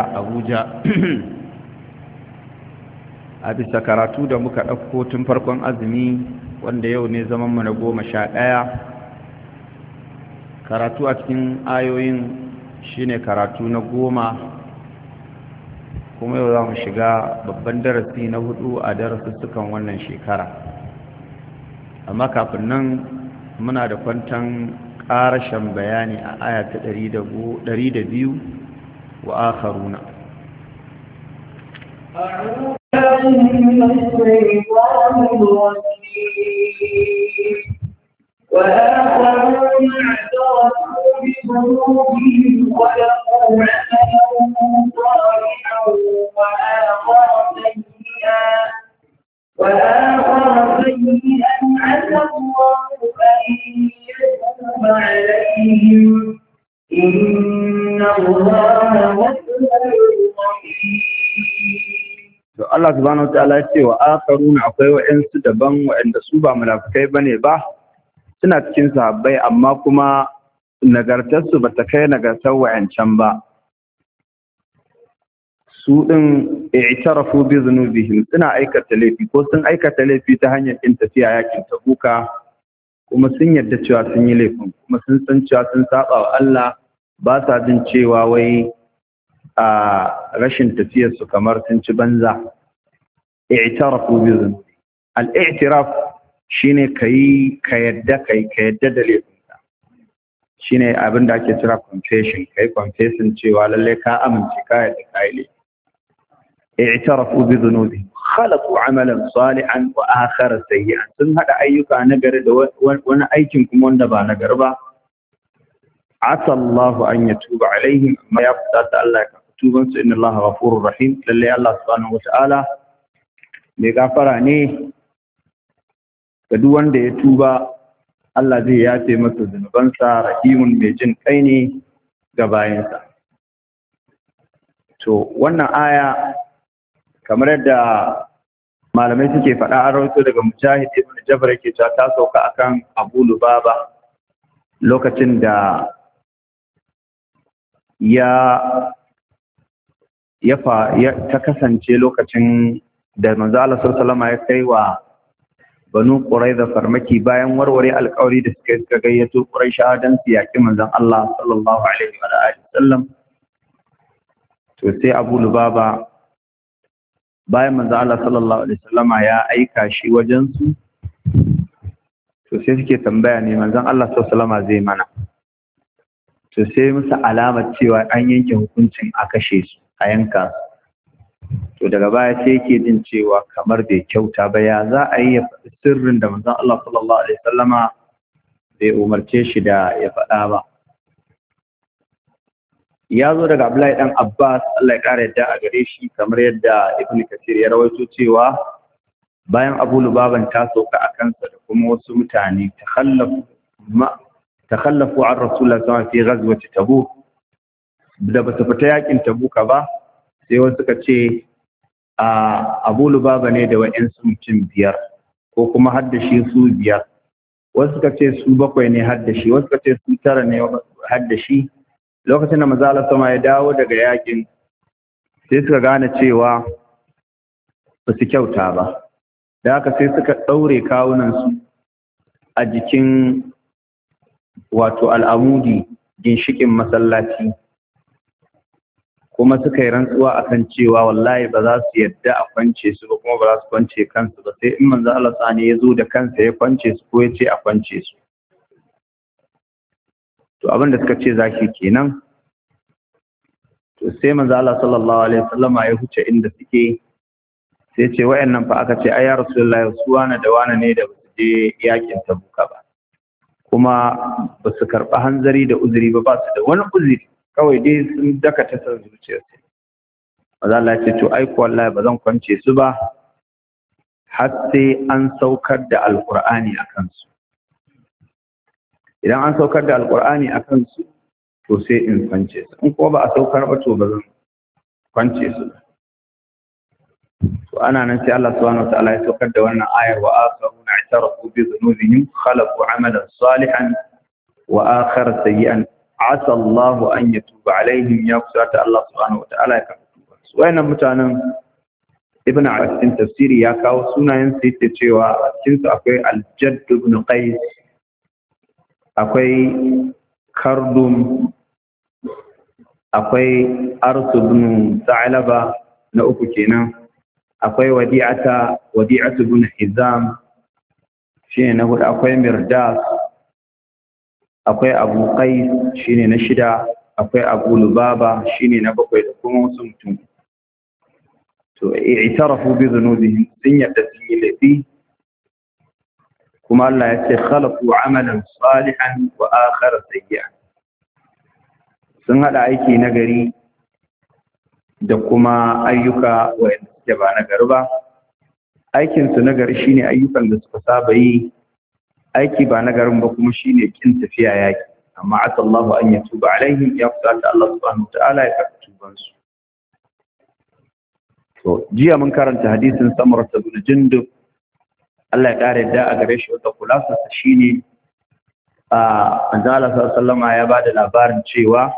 abuja a bisa karatu da muka ɗauko tun farkon azumi wanda yau ne zaman mana goma sha ɗaya karatu a cikin ayoyin shine karatu na goma kuma yau za mu shiga babban darasi na hudu a darasussukan wannan shekara amma kafin nan muna da kwantan ƙarashen bayani a aya ta 102 wa akharuna أعوذ بالله من الشيطان الرجيم وآخرون اعترفوا بذنوبهم خلقوا عملا صالحا وآخر سيئا وآخر سيئا عسى الله أن يتوب عليهم إن الله غفور رحيم to Allah subhanahu wa ta'ala ya ce wa akharun akwai wa'ansu daban wa'anda su ba munafikai bane ba suna cikin sahabbai amma kuma nagartarsu ba ta kai nagartar wa'ancan ba su ɗin i'tarafu bi zunubihim suna aikata laifi ko sun aikata laifi ta hanyar ɗin tafiya yakin kuka kuma sun yarda cewa sun yi laifin kuma sun san cewa sun saba wa Allah ba sa jin cewa wai a rashin tafiyarsu kamar sun ci banza i'tarafu bi zunubi al-i'tiraf shine ne ka yadda kai ka yadda da laifinka shine abin da ake kira confession kai confession cewa lalle ka amince ka yadda ka yi laifi i'tarafu bi dhunubi khalaqu amalan salihan wa akhar sayyi'an sun hada ayyuka na gari da wani aikin kuma wanda ba na gari ba asa Allah an yatuba alaihim amma ya fada ta Allah ka tuban su inna Allah ghafurur rahim lalle Allah subhanahu wa ta'ala mai gafara ne ga duk wanda ya tuba Allah zai yafe masa zunubansa rahimun mai jin kai ne ga bayansa to wannan aya kamar yadda malamai suke faɗa a rawaito daga mujahid ibn jabr yake cewa ta sauka akan abu lubaba lokacin da ya ya ta kasance lokacin da manzo Allah sallallahu alaihi ya kai wa banu da farmaki bayan warware alƙawari da suka suka gayyato ƙurai, don su yaƙi manzon Allah sallallahu alaihi wa alihi sallam to sai Abu Lubaba bayan manzon Allah sallallahu alaihi wasallama ya aika shi wajen su to sai suke tambaya ne manzon Allah sallallahu alaihi zai mana to sai musu alamar cewa an yanke hukuncin a kashe su a yanka su to daga baya sai yake jin cewa kamar bai kyauta ba ya za a yi ya faɗi sirrin da manzon Allah sallallahu alaihi wasallama bai umarce shi da ya faɗa ba ya zo daga Abdullahi dan Abbas Allah ya kare yadda a gare shi kamar yadda Ibn Kathir ya rawaito cewa bayan Abu Lubaban ta sauka a kansa da kuma wasu mutane takhallafu ma takhallafu an Rasulullah sallallahu alaihi wasallam fi ghazwati Tabuk da ba su fita yakin Tabuka ba sai wasu suka ce a abu lubaba ne da wa'insu mutum biyar ko kuma har da su biyar wasu suka ce su bakwai ne har wasu suka ce su tara ne har lokacin da maza sama ya dawo daga yakin sai suka gane cewa ba su kyauta ba da haka sai suka ɗaure kawunansu a jikin wato al'amudi ginshikin masallaci kuma suka yi rantsuwa a kan cewa wallahi ba za su yadda a kwance su ba kuma ba za su kwance kansu ba sai in manzo Allah sani ya zo da kansa ya kwance su ko ya ce a kwance su to abin da suka ce zaki kenan to sai manzo Allah sallallahu alaihi wasallama ya huce inda suke sai ce wayannan fa aka ce ai ya rasulullahi su da wani ne da su je yakin tabuka ba kuma ba su karɓi hanzari da uzuri ba ba su da wani uzuri kawai dai sun daka ta san zuciyar su maza Allah ce to ai ko wallahi ba zan kwance su ba har sai an saukar da alqur'ani akan su idan an saukar da alqur'ani akan su to sai in kwance su in ko ba a saukar ba to ba zan kwance su ba to ana nan sai Allah subhanahu wataala ya saukar da wannan ayar wa akharun i'tarafu bi dhunubihim khalaqu amalan salihan wa akhar sayyi'an asa Allahu an tuba alaihim ya kusata Allah subhanahu wataala ya karɓi tuba su wayannan mutanen ibn cikin tafsiri ya kawo sunayen su yake cewa a cikinsu akwai aljadd ibn qais akwai kardum akwai arsu ibn na uku kenan akwai wadi'ata wadi'atu ibn hizam shi ne na hudu akwai mirdas akwai abu kai shine na shida akwai abu lubaba shine na bakwai da kuma wasu mutum to i'tarafu bi dhunubihim sun yadda sun yi laifi kuma Allah ya ce khalaqu amalan salihan wa akhar sayyi'a sun hada aiki nagari da kuma ayyuka wa'anda suke ba nagari ba aikinsu nagari shine ayyukan da suka saba yi aiki ba na garin ba kuma shi ne kin tafiya yaki amma asallahu an tuba, alaihim ya fusata Allah subhanahu ta'ala ya karɓi tubansu to jiya mun karanta hadisin samar ibn jindub Allah ya kare da a gare shi wata kulasa ta ne a anzala sallama ya bada labarin cewa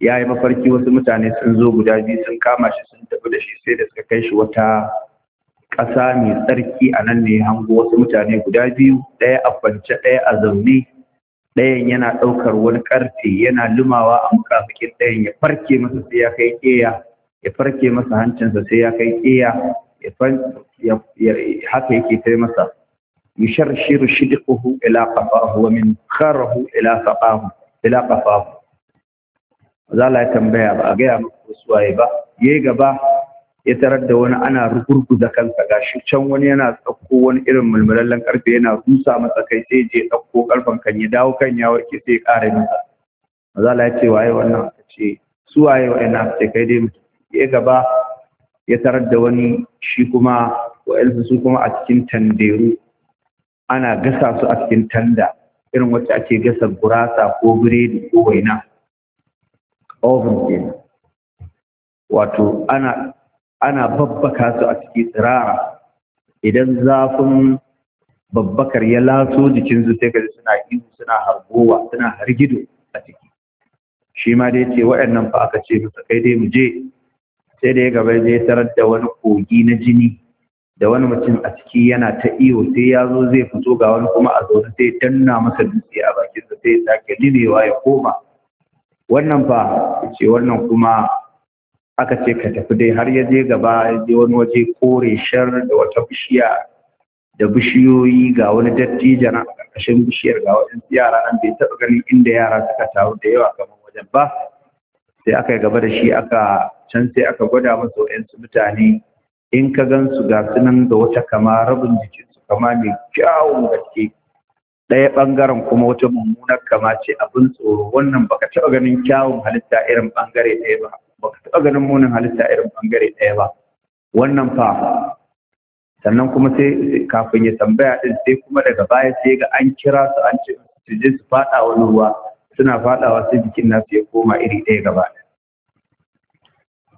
yayi mafarki wasu mutane sun zo guda biyu sun kama shi sun tafi da shi sai da suka kai shi wata ƙasa mai tsarki a nan ne ya hango wasu mutane guda biyu ɗaya a kwance ɗaya a zaune ɗayan yana ɗaukar wani ƙarfe yana lumawa a mukamukin ɗayan ya farke masa sai ya kai ƙeya ya farke masa hancinsa sai ya kai ƙeya haka yake kai masa yusharshiru shidiquhu ila qafahu wa min kharahu ila qafahu ila qafahu zala ya tambaya ba a gaya muku suwaye ba yayi gaba ya tarar da wani ana rugurguza kansa gashi can wani yana tsakko wani irin mulmulallen karfe yana rusa masa kai sai je tsakko karfen kan ya dawo kan ya warke sai ya ƙara nisa mazala ya ce waye wannan aka ce su waye wa'annan aka ce kai dai mutum ya gaba ya tarar da wani shi kuma wa ilfi su kuma a cikin tanderu ana gasa su a cikin tanda irin wacce ake gasa gurasa ko biredi ko waina oven kenan wato ana ana babbaka su a cikin tsirara idan zafin babbakar ya laso jikinsu sai gaji suna ihu suna harbowa suna hargido a ciki shi ma dai ce waɗannan fa aka ce musu kai dai mu je sai da ya gaba ya tarar da wani kogi na jini da wani mutum a ciki yana ta iyo sai ya zo zai fito ga wani kuma a zaune sai danna masa dutse a bakinsa sai ya sake ya koma wannan fa ce wannan kuma aka ce ka tafi dai har ya je gaba ya wani waje kore shar da wata bishiya da bishiyoyi ga wani dattijo na ƙarƙashin bishiyar ga waɗansu yara nan bai taɓa ganin inda yara suka taru da yawa kamar wajen ba sai aka yi gaba da shi aka can sai aka gwada masa wa'yansu mutane in ka gan su ga sunan da wata kama rabin jikinsu kama mai kyawun gaske ɗaya ɓangaren kuma wata mummunar kama ce abin tsoro wannan baka taɓa ganin kyawun halitta irin ɓangare ɗaya ba ba ka taɓa ganin munin halitta irin bangare ɗaya ba wannan fa sannan kuma sai kafin ya tambaya din sai kuma daga baya sai ga an kira su an ce su je su faɗa wani ruwa suna faɗawa sai jikin nasu ya koma iri ɗaya gaba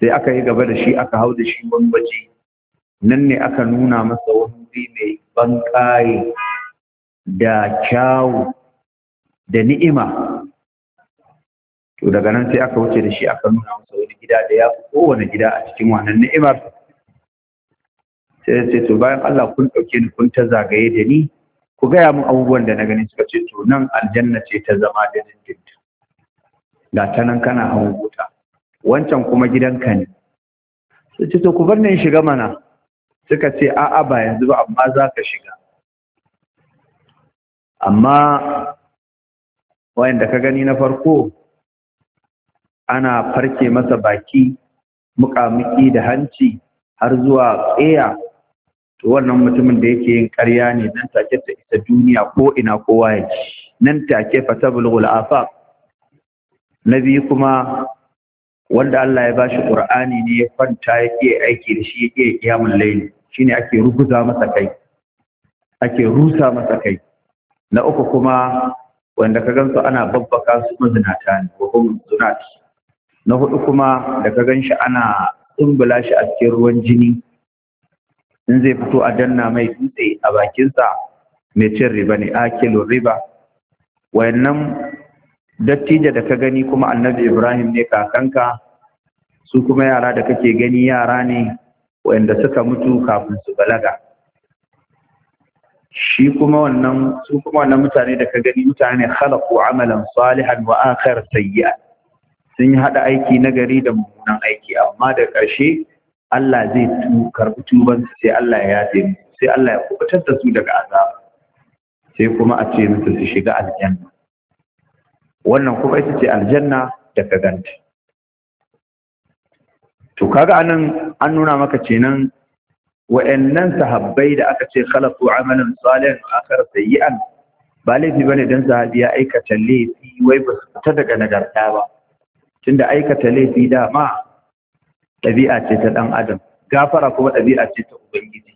sai aka yi gaba da shi aka hau da shi wani waje nan ne aka nuna masa wani wuri mai bankaye da kyawu da ni'ima to daga nan sai aka wuce da shi aka nuna masa gida da ya fi kowane gida a cikin wannan ni'imar sai sai to bayan Allah kun ɗauke ni kun ta zagaye da ni ku gaya mun abubuwan da na gani suka ce to nan aljanna ce ta zama da dindindin ga ta nan kana hango ta wancan kuma gidanka ne sai ce to ku bar ni in shiga mana suka ce a'a ba yanzu ba amma za ka shiga amma wayanda ka gani na farko ana farke masa baki muƙamuƙi da hanci har zuwa tsaya to wannan mutumin da yake yin ƙarya ne nan take ta isa duniya ko ina kowa ya nan take fa na afaq nabi kuma wanda Allah ya bashi Qur'ani ne ya kwanta yake aiki da shi yake kiyamul layl shine ake ruguza masa kai ake rusa masa kai na uku kuma wanda ka gansu ana babbaka su mazinata ne ko kuma zinata na hudu kuma da ka gan shi ana tumbula shi a cikin ruwan jini in zai fito a danna mai dutse a bakinsa mai cin riba ne akilu riba wayannan dattija da ka gani kuma annabi ibrahim ne kakanka su kuma yara da kake gani yara ne wayanda suka mutu kafin su balaga shi kuma wannan su kuma wannan mutane da ka gani mutane khalaqu amalan salihan wa akhar sayyi'an sun yi haɗa aiki nagari da mummunan aiki amma da ƙarshe Allah zai karɓi tubansu sai Allah ya yafe musu sai Allah ya kubutar da su daga azaba sai kuma a ce musu su shiga aljanna wannan kuma ita ce aljanna da ka ganta to kaga anan an nuna maka cenan, wa'annan sahabbai da aka ce khalaqu amalan salihan wa akhar sayyi'an ba laifi bane dan sahabi ya aikata laifi wai ba su fita daga nagarta ba tunda aikata laifi dama ɗabi'a ce ta ɗan adam gafara kuma ɗabi'a ce ta ubangiji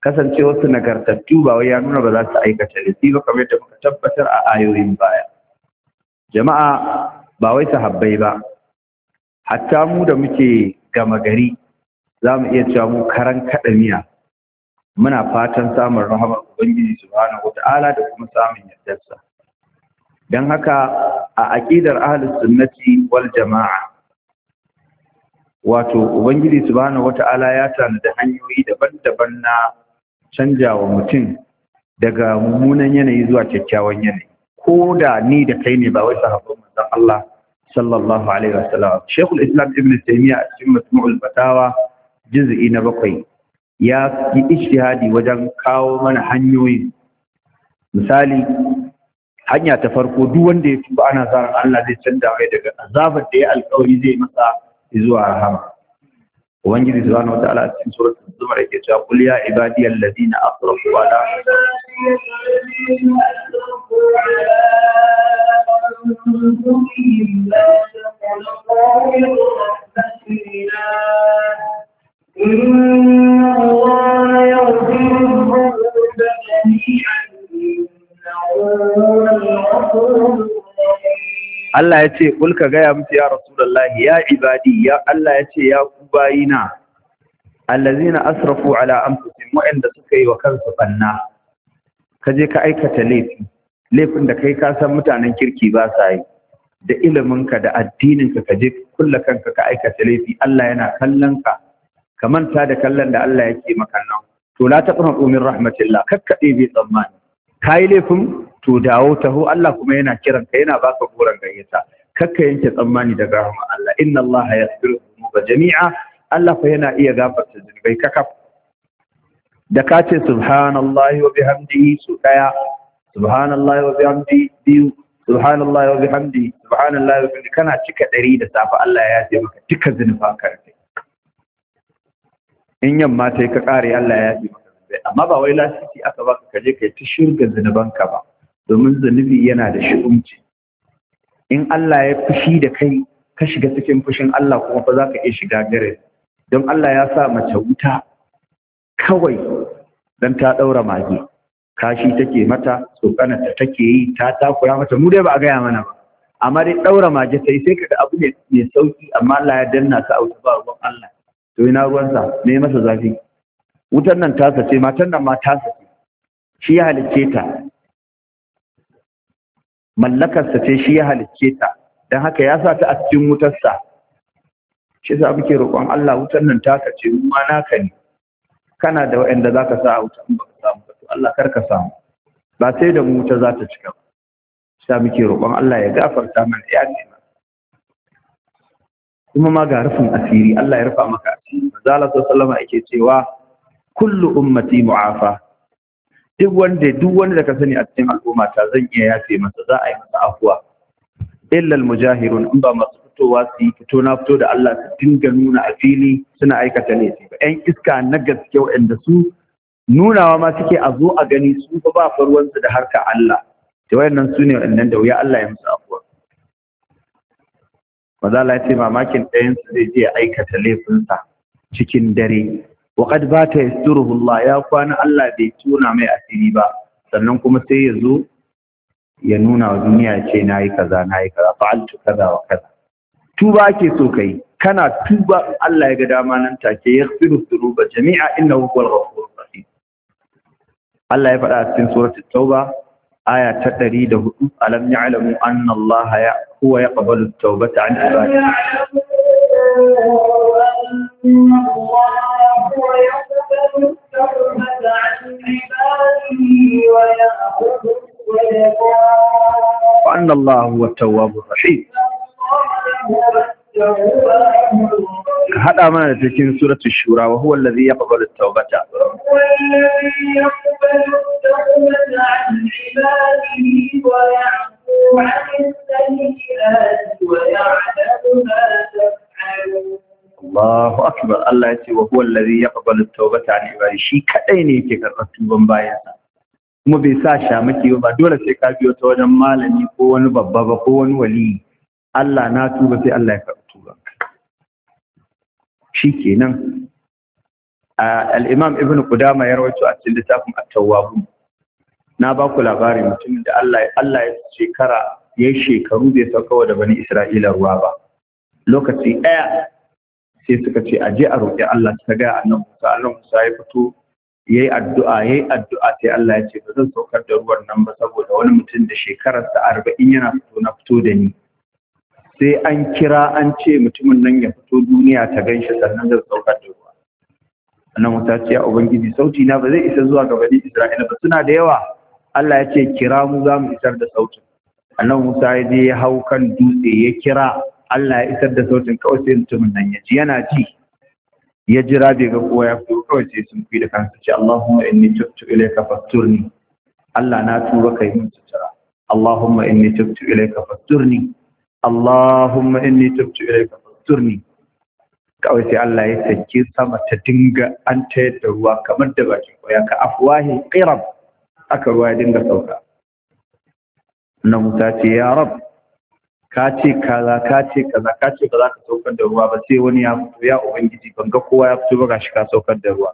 Kasance wasu nagartattu ba wai ya nuna ba za su aikata laifi ba kamar yadda muka tabbatar a ayoyin baya jama'a ba wai sahabbai ba hatta mu da muke gama gari za mu iya cewa mu karan kaɗa miya muna fatan samun rahama ubangiji subhanahu wa ta'ala da kuma samun yardarsa don haka a aƙidar ahalus sunnati wal jama'a wato ubangiji subhanahu wata'ala ya tanada hanyoyi daban-daban na canjawa mutum daga mummunan yanayi zuwa kyakkyawan yanayi ko da ni da kai ne ba wai sahabban manzon Allah sallallahu alaihi wasallam Sheikhul Islam Ibn Taymiyyah a cikin Majmu'ul Fatawa juz'i na bakwai ya yi ijtihadi wajen kawo mana hanyoyi misali hanya ta farko duk wanda ya tuba ana sa Allah zai canza mai daga azabar da ya alƙawari zai masa zuwa rahama ubangiji subhanahu wataala a cikin suratul zumar yake cewa qul ya ibadiyal ladina asrafu ala إن الله يغفر الذنوب جميعا Allah ya ce, Kulka gaya mutu ya Rasulallahi, ya ibadi, ya Allah ya ce, ya ku bayina, allazi na asrafu ala amfusin waɗanda suka yi wa kansu banna, ka je ka aikata laifi, laifin da kai kasan mutanen kirki ba sa yi, da iliminka da addininka ka je kulla kanka ka aikata laifi, Allah yana kallon ka, manta da kallon da Allah yake maka nan. To la taqnatu min rahmatillah, kakkaɗe bai tsammani. ka yi laifin to dawo taho Allah kuma yana kiran ka yana baka goran gayyata kakka yanke tsammani daga rahama Allah inna Allah mu ga jami'a Allah fa yana iya gafarta zunubai kaka da ka ce subhanallahi wa bihamdihi su daya subhanallahi wa bihamdihi biyu subhanallahi wa bihamdihi subhanallahi wa bihamdihi kana cika ɗari da safa Allah ya ce maka duka zunuban ka in yamma sai ka kare Allah ya ce maka amma ba wai lasisi aka baka kaje kai ta shirga zunubanka ba domin zunubi yana da shi'umci in Allah ya fushi da kai ka shiga cikin fushin Allah kuma fa za ka iya shiga gare don Allah ya sa mace wuta kawai don ta ɗaura mage kashi take mata ta take yi ta takura mata mu dai ba a gaya mana ba amma dai ɗaura mage sai sai ka abu ne mai sauki amma Allah ya danna ta a wuta ba ruwan Allah to ina ruwansa me masa zafi wutan nan tasa ce matan nan ma tasa ce shi ya halicce ta mallakarsa ce shi ya halicce ta don haka ya sa ta a cikin wutarsa shi sa muke roƙon Allah wutan nan tasa ce ma naka ne kana da waɗanda za ka sa a wutan ba ka samu ba to Allah kar ka samu ba sai da mu wuta za ta cika ba sa muke roƙon Allah ya gafarta mana ya ce kuma ma ga rufin asiri Allah ya rufa maka asiri manzo Allah sallallahu alaihi wasallam yake cewa kullu ummati mu'afa duk wanda duk wanda ka sani a cikin al'umma ta zan iya yafe masa za a yi masa afuwa illa al-mujahirun in ba masu fitowa su yi fito na fito da Allah su dinga nuna a fili suna aikata laifi ba ƴan iska na gaske waɗanda su nunawa ma suke a zo a gani su ba ba farwansu da harka Allah da wayannan su ne waɗannan da wuya Allah ya musu afuwa maza Allah ya ce mamakin ɗayansu su zai je aikata laifinsa cikin dare wa qad bata yasturuhu Allah ya kwana Allah bai tona mai asiri ba sannan kuma sai ya zo ya nuna wa duniya ya ce na yi kaza na yi kaza fa'altu kaza wa kaza tuba ake so kai kana tuba Allah ya ga dama nan take firu ba jami'a innahu huwal ghafurur rahim Allah ya faɗa a cikin suratul tauba aya ta 104 alam ya'lamu anna Allah ya huwa yaqbalu at-taubata 'an ibadihi وأن الله هو التواب الرحيم هذا ما في سورة الشورى وهو الذي يقبل التوبة هو الذي يقبل التوبة عن عباده ويعفو عن السيئات ويعلم ما تفعل Allahu akbar Allah ya ce wa huwa allazi yaqbalu tawbata an ibadi shi kadai ne ke karɓar tuban bayansa kuma bai sa shamaki ba dole sai ka biyo ta wajen malami ko wani babba ba ko wani wali Allah na tuba sai Allah ya karɓi tuban shikenan al-imam ibn qudama ya rawaito a cikin littafin at-tawwabun na ba ku labari mutumin da Allah Allah ya shekara ya shekaru bai sauka da bani Isra'ila ruwa ba lokaci ɗaya sai suka ce a je a roƙi Allah ta ga annan Musa annan Musa ya fito ya yi addu'a ya yi addu'a sai Allah ya ce ba zan saukar da ruwan nan ba saboda wani mutum da shekararsa arba'in yana fito na fito da ni sai an kira an ce mutumin nan ya fito duniya ta gan shi sannan zan saukar da ruwa annan Musa ce ya ubangiji sauti na ba zai isa zuwa ga bani Isra'ila ba suna da yawa Allah ya ce kira mu za mu isar da sautin annan Musa ya je ya hau kan dutse ya kira Allah ya isar da sautin kawai sai mutumin nan ya ji yana ji ya jira bai ga kowa ya fito kawai sai sun fi da kansu ce Allahumma inni tubtu ilayka fasturni Allah na tuba kai mun sutura Allahumma inni tubtu ilayka fasturni Allahumma inni tubtu ilayka fasturni kawai sai Allah ya sake sama ta dinga an ta yadda ruwa kamar da bakin koya ka afwahi qirab aka ruwa ya dinga sauka na Musa ce ya rabu. ka ce kaza ka ce kaza ka ce ba za ka saukar da ruwa ba sai wani ya fito ya ubangiji ban ga kowa ya fito ba gashi ka saukar da ruwa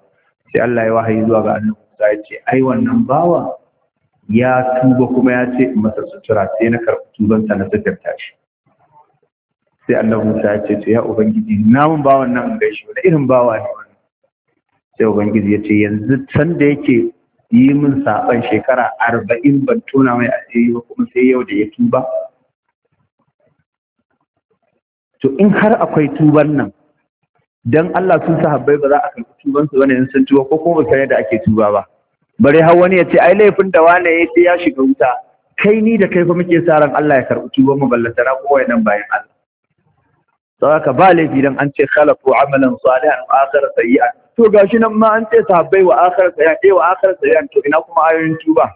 sai Allah ya wahayi zuwa ga annabi Musa ya ce ai wannan bawa ya tuba kuma ya ce masa sutura sai na karɓi tuban sa na suturta shi sai annabi Musa ya ce to ya ubangiji na mun bawan nan gaishe wani irin bawa ne wannan sai ubangiji ya ce yanzu can da yake yi min saɓan shekara arba'in ban tona mai asiri ba kuma sai yau da ya tuba to in har akwai tuban nan dan Allah sun sahabbai ba za a karɓi tuban su bane in sun tuba ko kuma ba da ake tuba ba bare har wani ya ce ai laifin da wani ya ce ya shiga wuta kai ni da kai fa muke sa ran Allah ya karɓi tuban mu ballata na kowa nan bayan Allah saboda ba laifi dan an ce khalaqu amalan salihan wa akhar sayyi'an to gashi nan ma an ce sahabbai wa akhar sayyi'an eh wa akhar sayyi'an to ina kuma ayoyin tuba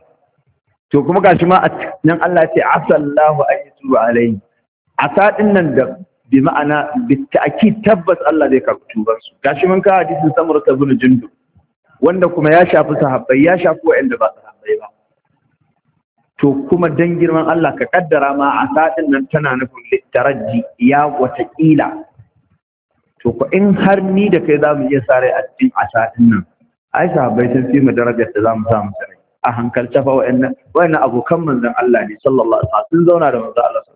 to kuma gashi ma nan Allah ya ce asallahu an yatuba alayhi asa din nan da bi ma'ana ta'aki tabbas Allah zai karɓi su gashi mun kawo hadisin samur ta zuna jindu wanda kuma ya shafi sahabbai ya shafi wa'anda ba sahabbai ba to kuma dan girman Allah ka kaddara ma a sadin nan tana nufin littaraji ya kila to ko in har ni da kai za mu iya sare a cikin asadin nan ai sahabbai sun fi mu darajar da za mu samu sare a hankalta fa wa'annan wa'annan abokan manzon Allah ne sallallahu alaihi wasallam sun zauna da manzon Allah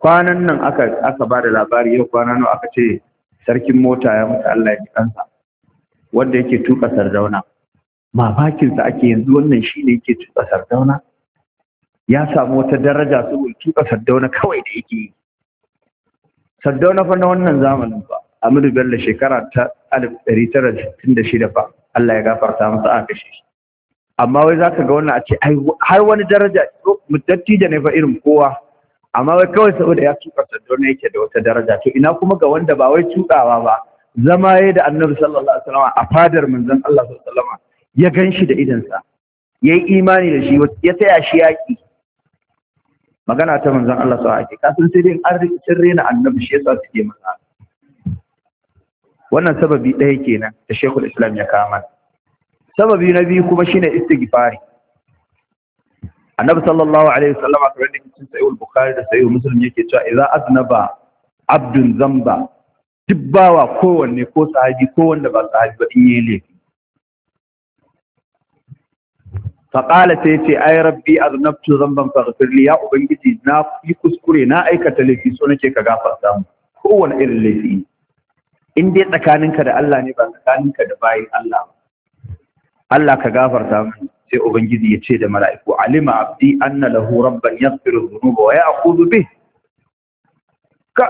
kwanan nan aka aka ba da labari yau kwana nawa aka ce sarkin mota ya mutu Allah ya ji kansa wanda yake tuka sardauna mamakinsa ake yanzu wannan shi ne yake tuka sardauna ya samu wata daraja saboda tuka sardauna kawai da yake yi sardauna fa na wannan zamanin ba amadu bello shekara ta 1966 fa Allah ya gafarta masa aka shi amma wai zaka ga wannan a ce har wani daraja dattijo ne fa irin kowa amma wai kawai saboda ya tuka sandona yake da wata daraja to ina kuma ga wanda ba wai tukawa ba zama yayi da annabi sallallahu alaihi wasallam a fadar manzon Allah sallallahu alaihi wasallam ya ganshi da sa yayi imani da shi ya taya shi yaki magana ta manzon Allah sallallahu alaihi wasallam kasan sai dai an rikin rena annabi shi yasa suke masa wannan sababi ɗaya kenan da Sheikhul Islam ya kama sababi na biyu kuma shine istighfari annabi sallallahu alaihi wasallam kamar da cikin sahihul bukhari da sahihul muslim yake cewa idza aznaba abdun zamba dibbawa kowanne ko sahabi ko wanda ba sahabi ba in yi laifi qala sai ce ai rabbi aznabtu zamban li ya ubangiji na yi kuskure na aikata laifi so nake ka gafarta mu kowane irin laifi in dai tsakaninka da Allah ne ba tsakaninka da bayin Allah Allah ka gafarta mu sai ubangiji ya ce da mala'iku alima abdi anna lahu rabban yaghfiru dhunuba wa ya'khudhu bih ka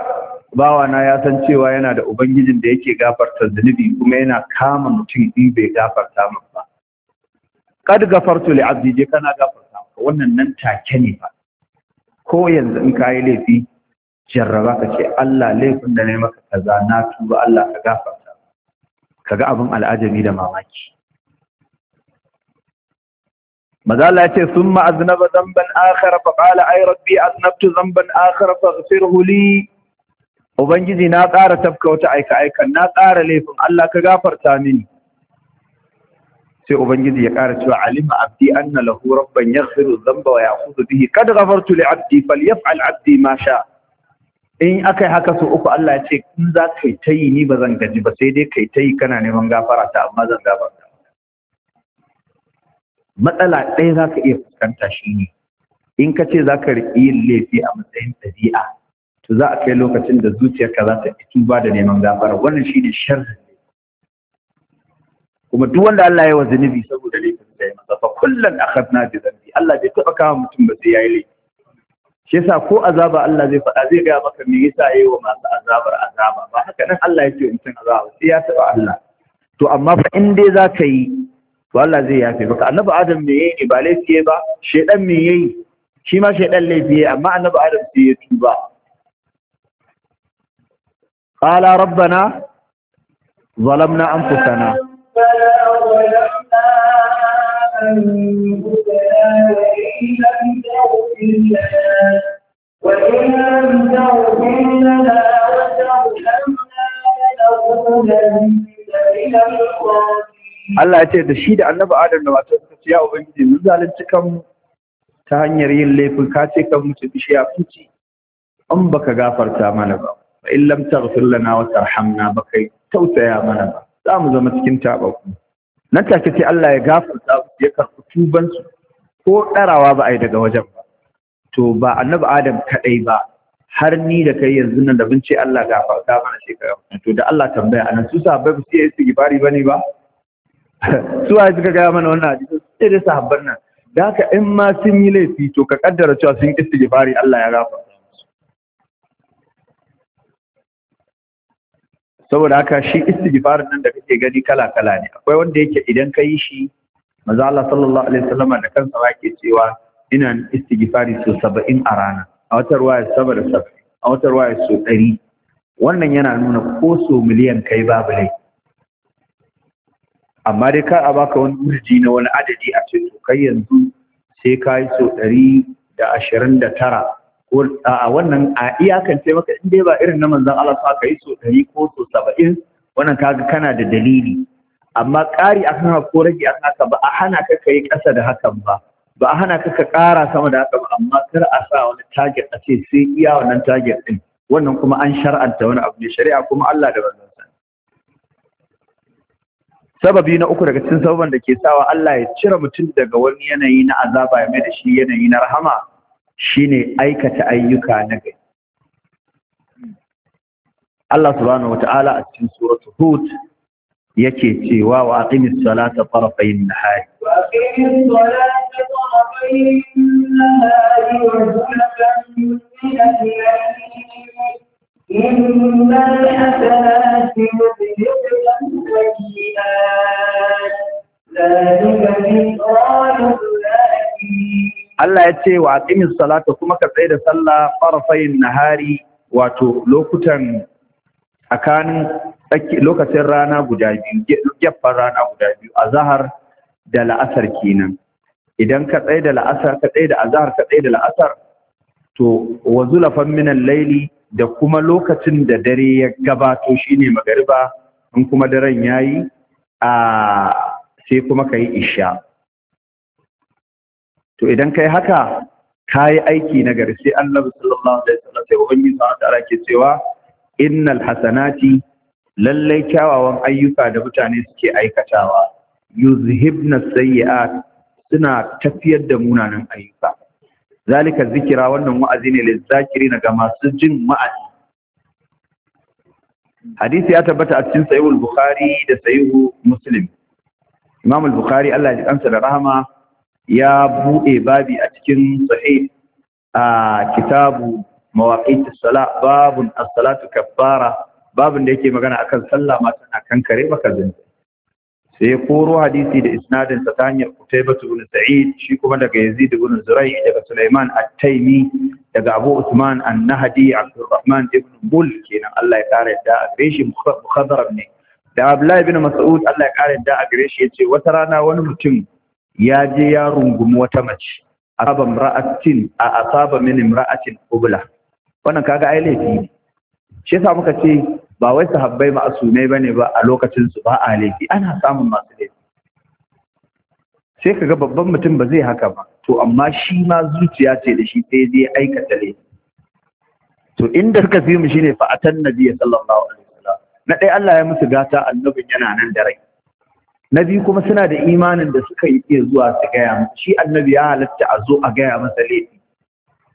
bawa na ya san cewa yana da ubangijin da yake gafarta zunubi kuma yana kama mutum in bai gafarta min ba kad gafartu li abdi je kana gafarta Ka wannan nan take ne ba. ko yanzu in kayi laifi jarraba ka ce Allah laifin da na maka kaza na tuba Allah ka gafarta kaga abin al'ajabi da mamaki maza Allah ce sun ma'azinaba zamban akara fa qala ay rabbi aznabtu zamban akhar faghfirhu li ubangiji na ƙara tafka wata aika aikan na ƙara laifin Allah ka gafarta mini sai ubangiji ya ƙara cewa alima abdi anna lahu rabban yaghfiru dhanba wa ya'khudhu bihi kad ghafartu li abdi falyaf'al abdi ma sha in akai haka so uku Allah ya ce in za kai tayi ni bazan gaji ba sai dai kai tayi kana neman gafara ta amma zan gafarta matsala ɗaya za ka iya fuskanta shi ne in ka ce za ka riƙi yin laifi a matsayin ɗabi'a to za a kai lokacin da zuciyarka za ta fi tuba da neman gafara wannan shi ne sharri kuma duk wanda Allah ya wa zunubi saboda laifin da ya masa fa kullun akhadna bi dhanbi Allah bai taɓa kawo mutum ba sai yayi laifi shi yasa ko azaba Allah zai faɗa zai gaya maka me yasa yayi wa masu azabar azaba ba haka nan Allah ya ce in cin azaba sai ya taɓa Allah to amma fa in dai za ka yi والله زي يعني بقى أنا بعدم مني بالي فيه بقى شيء أمي يي شيء ما شيء اللي فيه أما أنا بعدم فيه توبة قال ربنا ظلمنا أنفسنا وإن لم تغفر لنا وتغفر لنا لنكونن من Allah ya ce da shi da annabi Adam da matar suka ce ya ubangiji mun zalunci kanmu ta hanyar yin laifin ka ce kan mutu a fuci an baka gafarta mana ba fa in lam taghfir lana wa tarhamna baka tausaya mana ba za mu zama cikin tabaku nan take ce Allah ya gafarta ya karɓi tuban su ko ɗarawa ba ai daga wajen ba to ba annabi Adam kadai ba har ni da kai yanzu nan da mun ce Allah gafarta mana shekara to da Allah tambaya anan su sa ba su yi istighfari bane ba, ne ba? su waye suka gaya mana wannan hadisi sai dai sahabban nan da haka in ma sun yi laifi to ka kaddara cewa sun istighfari Allah ya gafarta saboda haka shi istighfarin nan da kake gani kala kala ne akwai wanda yake idan ka yi shi manzo Allah sallallahu alaihi wasallam da kansa yake cewa ina istighfari so 70 a rana a wata ruwaya da 70 a wata ruwaya so 100 wannan yana nuna ko so miliyan kai babu laifi amma dai ka a baka wani wurji na wani adadi a ce to kai yanzu sai ka yi so ɗari da ashirin da tara ko a wannan a iyakance maka in dai ba irin na manzan Allah sa ka yi so ɗari ko so saba'in wannan kaga kana da dalili amma ƙari a kana ko rage a haka ba a hana ka ka yi ƙasa da hakan ba ba a hana ka ka ƙara sama da haka ba amma kar a sa wani target a ce sai iya wannan target ɗin wannan kuma an shar'anta wani abu ne shari'a kuma Allah da wannan sababi na uku daga cikin sababan da ke sawa Allah ya cire mutum daga wani yanayi na azaba ya mai da shi yanayi na rahama shine aikata ayyuka na gari Allah subhanahu wata'ala a cikin suratu Hud yake cewa wa aqimis salata tarafayn nahari wa aqimis salata tarafayn nahari wa Allah ya ce wa aqimis salata kuma ka tsaye da sallah farafayin nahari wato lokutan tsakanin lokacin rana guda biyu gefen rana guda biyu azhar da la'asar kenan idan ka tsaye da la'asar ka tsaye da azhar ka tsaye da la'asar to wa zulafan minan laili da kuma lokacin da dare ya gabato shine magariba in kuma daren yayi a sai kuma kai isha to idan kai haka ka yi aiki na gari sai Allah sallallahu alaihi wasallam sai ubangiji ta'ala ke cewa innal hasanati lallai kyawawan ayyuka da mutane suke aikatawa yuzhibna sayyi'at suna tafiyar da munanan ayyuka zalika zikira wannan wa'azi ne na ga masu jin wa'azi. hadisi ya tabbata a cikin sahihul bukhari da sahihu muslim imam al-bukhari Allah ya kansa da rahama ya buɗe babi a cikin sahih a kitabu mawaqit as-salat babun as-salatu kaffara babun da yake magana akan sallah ma tana kankare maka zunubi da koro hadisi da isnadin sa ta hanyar ibn Sa'id shi kuma daga Yazid ibn Zurayh daga Sulaiman At-Taymi daga Abu Usman An-Nahdi Abdurrahman ibn Bul kenan Allah ya kare da Abishi shi ibn ne da Abdullah ibn Mas'ud Allah ya kare da Abishi yace wata rana wani mutum ya je ya rungumi wata mace asaba imra'atin a asaba min imra'atin qubla wannan kaga ai laifi ne shi yasa muka ce ba wai sahabbai ma'asumai bane ba a lokacin su ba a laifi ana samun masu laifi sai kaga babban mutum ba zai haka ba to amma shi ma zuciya ce da shi sai zai aikata laifi to inda suka fi mu shine fa atan nabi sallallahu alaihi wasallam na dai Allah ya musu gata annabin yana nan da rai na kuma suna da imanin da suka yi iya zuwa su gaya shi annabi ya halatta a zo a gaya masa laifi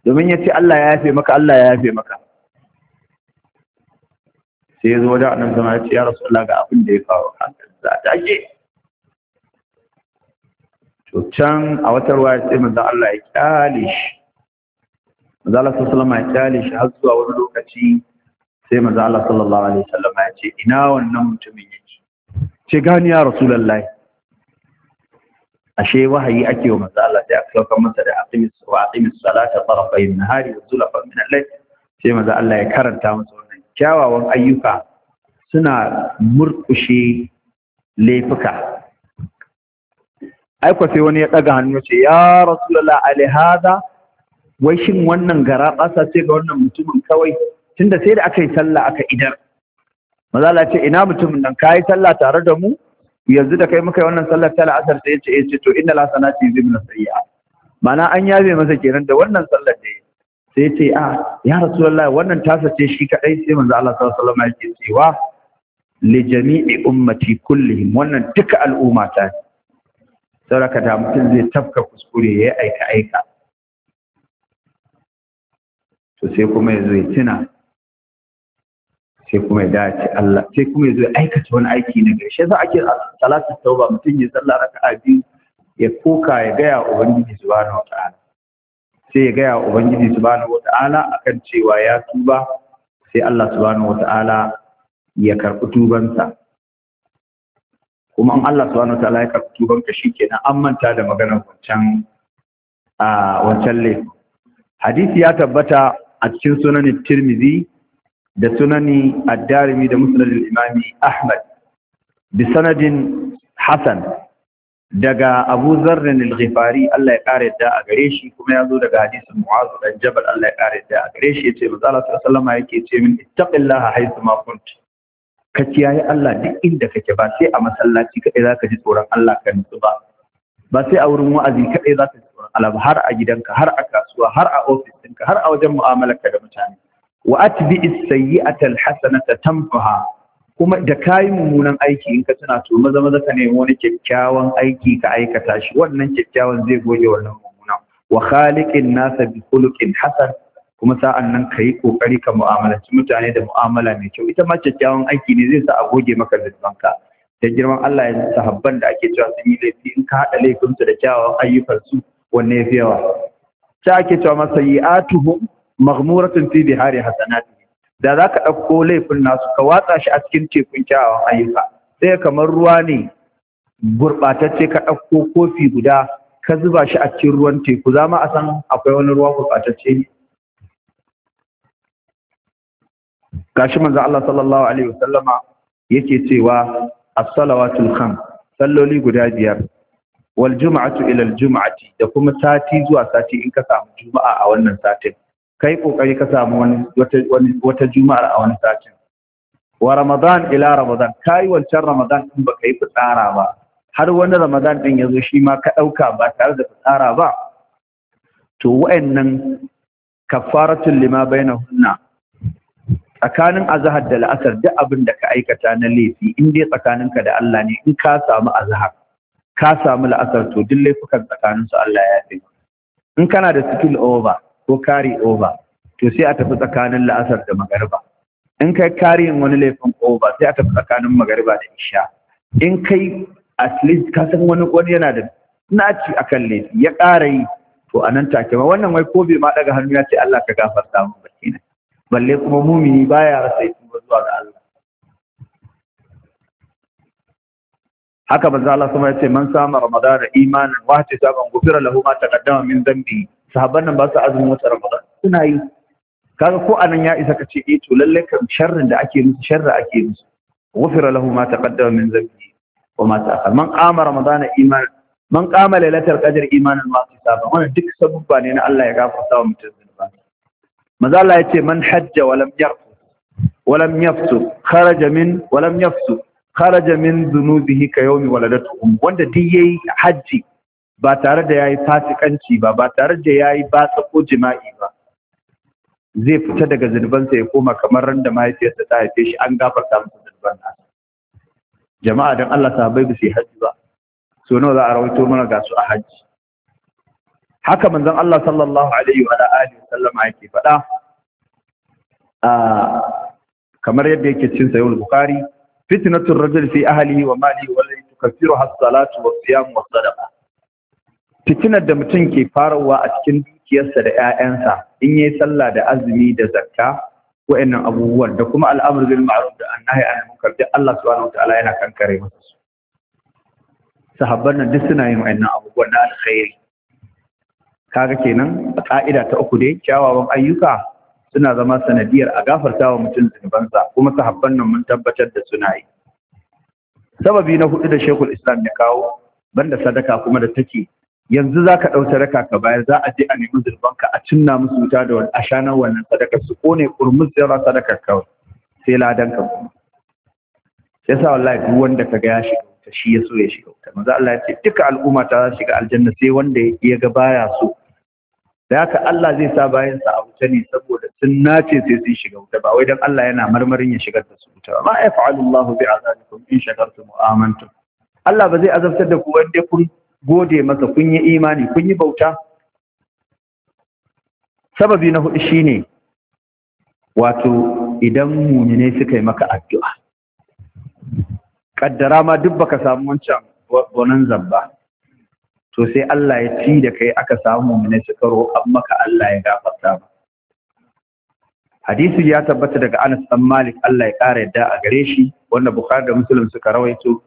domin ya ce Allah ya yafe maka Allah ya yafe maka sai ya zo wajen annabi sama ya ce ya rasu Allah ga abin da ya faru haka za a ke to can a wata ruwa ya ce manzon Allah ya kyale shi manzon Allah sallallahu alaihi ya kyale shi har zuwa wani lokaci sai manzon Allah sallallahu alaihi wasallam ya ce ina wannan mutumin yake ce gani ya rasu lallai. ashe wahayi ake wa manzo Allah da aka masa da aqimis wa aqimis salata tarafay nahari wa zulfa min al-layl sai manzo Allah ya karanta masa kyawawan ayyuka suna murkushe laifuka aiko sai wani ya ɗaga hannu ce ya rasulullah alihada wai shin wannan gara ƙasa ce ga wannan mutumin kawai tunda sai da aka yi sallah aka idar mazala ce ina mutumin nan ka yi sallah tare da mu yanzu da kai muka yi wannan sallar ta la'asar sai ya ce eh, to inna lasanati zibna sayya mana an yabe masa kenan da wannan sallar da sai ce a ah, ya rasulullahi wannan tasa ce shi kadai sai manzo Allah sallallahu alaihi wasallam yake cewa li jami'i ummati kullihim wannan duka al'umma ta saboda da mutum zai tafka kuskure ya aika aika to sai kuma ya zo ya tuna sai kuma ya dace Allah sai kuma ya zo ya aikata wani aiki na gaishe za ake salatu tauba mutum ya sallah ka biyu ya koka ya gaya ubangiji subhanahu wa ta'ala sai ya gaya wa ubangiji subhanahu wata'ala akan cewa ya tuba sai Allah subhanahu wata'ala ya karɓi tubansa kuma in Allah subhanahu wata'ala ya karɓi tubanka shikenan an manta da magana wancan a laifin hadisi ya tabbata a cikin sunanin tirmizi da sunani ad da musnad imami ahmad bi sanadin Hassan. daga Abu Zarrin al-Ghifari Allah ya kare da a gare shi kuma ya zo daga hadisin Mu'az dan Jabal Allah ya kare da a gare shi yace manzo Allah sallallahu alaihi yake ce min ittaqillaha haythu ma kunt ka kiyaye Allah duk inda kake ba sai a masallaci kadai zaka ji tsoron Allah ka nutsu ba ba sai a wurin wa'azi kadai zaka ji tsoron Allah ba har a gidanka har a kasuwa har a office ɗinka har a wajen mu'amalarka da mutane wa atbi as-sayyi'ata al-hasanata tamfaha kuma da kayi mummunan aiki in ka tuna to maza maza ka nemi wani kyakkyawan aiki ka aikata shi wannan kyakkyawan zai goge wannan mummunan wa khaliqin nasa bi khuluqin hasan kuma sa'an nan ka yi ƙoƙari ka mu'amalanci mutane da mu'amala mai kyau ita ma kyakkyawan aiki ne zai sa a goge maka zunubanka da girman Allah ya sahabban da ake cewa sun yi laifi in ka haɗa laifinsu da kyawawan ayyukansu wanne ya fi yawa ta ake cewa masa yi atuhu maghmuratun fi bihari hasanati da za ka ɗauko laifin nasu ka watsa shi a cikin tekun kyawawan ayyuka sai kamar ruwa ne gurɓatacce ka ɗauko kofi guda ka zuba shi a cikin ruwan teku za ma a san akwai wani ruwa gurɓatacce ne gashi manzo Allah sallallahu alaihi wasallama yake cewa as-salawatul salloli guda biyar wal jum'atu ila al da kuma sati zuwa sati in ka samu juma'a a wannan satin kai ƙoƙari ka samu wata juma'ar a wani satin wa ramadan ila ramadan yi wancan ramadan din ba yi fitsara ba har wani ramadan din zo shi ma ka ɗauka ba tare da fitsara ba to wa'annan kafaratun lima bainahunna tsakanin azahar da la'asar duk abin da ka aikata na laifi in dai tsakaninka da Allah ne in ka samu azahar ka samu la'asar to duk laifukan tsakaninsu Allah ya fi in kana da skill over ko kari over to sai a tafi tsakanin la'asar da magariba in kai kariyin wani laifin over sai a tafi tsakanin magariba da isha in kai at least ka san wani wani yana da naci akan laifi ya ƙara yi to a nan take ma wannan wai ko bai ma daga hannu ya ce Allah ka gafarta mu baki na balle kuma mumini baya rasa yi tuba zuwa ga Allah haka manzo Allah kuma ya ce man sama ramadana imanan wa saban gufira lahu ma taqaddama min dhanbi sahabban nan ba su azumin wata ramadan suna yi kaga ko anan ya isa ka ce eh to lalle kam sharrin da ake musu sharri ake musu wufira lahu ma taqaddama min zambi wa ma ta'akhkhar man qama ramadana iman man qama lailatul qadr imanan ma tisaba wannan duk sabubba ne na Allah ya gafarta wa mutum zunuba maza Allah yace man hajja wa lam yarfu wa lam yafsu kharaja min wa lam yafsu kharaja min dhunubihi ka yawmi waladatu wanda duk yayi hajji ba tare da yayi fasikanci ba ba tare da yayi batsa ko jima'i ba zai fita daga zunubansa ya koma kamar ran da mahaifiyarsa ta haife shi an gafarta masa zunuban nasa jama'a dan Allah ta ba su yi hajji ba so nawa za a rawaito mana ga su a haji? haka manzon Allah sallallahu alaihi wa alihi sallama yake faɗa kamar yadda yake cin sayo al-bukhari fitnatur rajul fi ahlihi wa malihi wa la tukaffiruha hasalatu wa was-siyam was-sadaqa fitinar da mutum ke farawa a cikin dukiyarsa da 'ya'yansa in yi sallah da azumi da zakka wa'annan abubuwan da kuma al'amur bil ma'ruf da annahi an munkar da Allah subhanahu wataala yana kankare masa su sahabban nan duk suna yin wa'annan abubuwan na alkhairi kaga kenan a ƙa'ida ta uku dai kyawawan ayyuka suna zama sanadiyar a gafarta wa mutum zunubansa kuma sahabban nan mun tabbatar da suna yi sababi na hudu da shekul islam ya kawo banda sadaka kuma da take yanzu za ka ɗau raka ka bayar za a je a nemi zurbanka a cinna musu wuta da wani ashana wannan sadakar su kone kurmus yawa sadakar kawai sai ladan ka kuma yasa wallahi duk wanda ka ga ya shiga wuta shi ya so ya shiga wuta Maza Allah ya ce duka al'umma ta za shiga aljanna sai wanda ya ga baya so da haka Allah zai sa bayan sa a wuta ne saboda sun nace sai sun shiga wuta ba wai dan Allah yana marmarin ya shigar da su wuta ba. ma yaf'alullahu bi'azabikum in shakartum wa amantum Allah ba zai azabtar da ku wanda kun gode masa kun yi imani kun yi bauta sababi na hudu shine wato idan mumine suka yi maka addu'a kaddara ma duk baka samu wancan gonan zabba to sai Allah ya ci da kai aka samu mumine suka roƙan maka Allah ya gafarta ba hadisi ya tabbata daga Anas dan Malik Allah ya ƙara yadda a gare shi wanda Bukhari da Muslim suka rawaito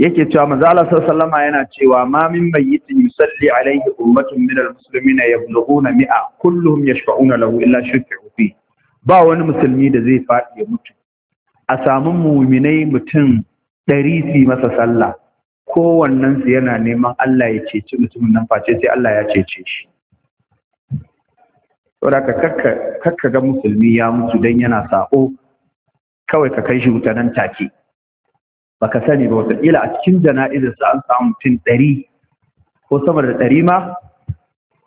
yake cewa manzo Allah yana cewa ma min mayyitin yusalli alaihi ummatun min almuslimina yablughuna mi'a kulluhum yashfa'una lahu illa shafi'u fi ba wani musulmi da zai fadi ya mutu a samu muminai mutum ɗari su masa sallah kowannen su yana neman Allah ya ceci mutumin nan face sai Allah ya cece shi saboda kakka ga musulmi ya mutu dan yana sako kawai ka kai shi wuta nan take baka sani ba wataƙila a cikin jana'izar sa an samu mutum ɗari ko sama da ɗari ma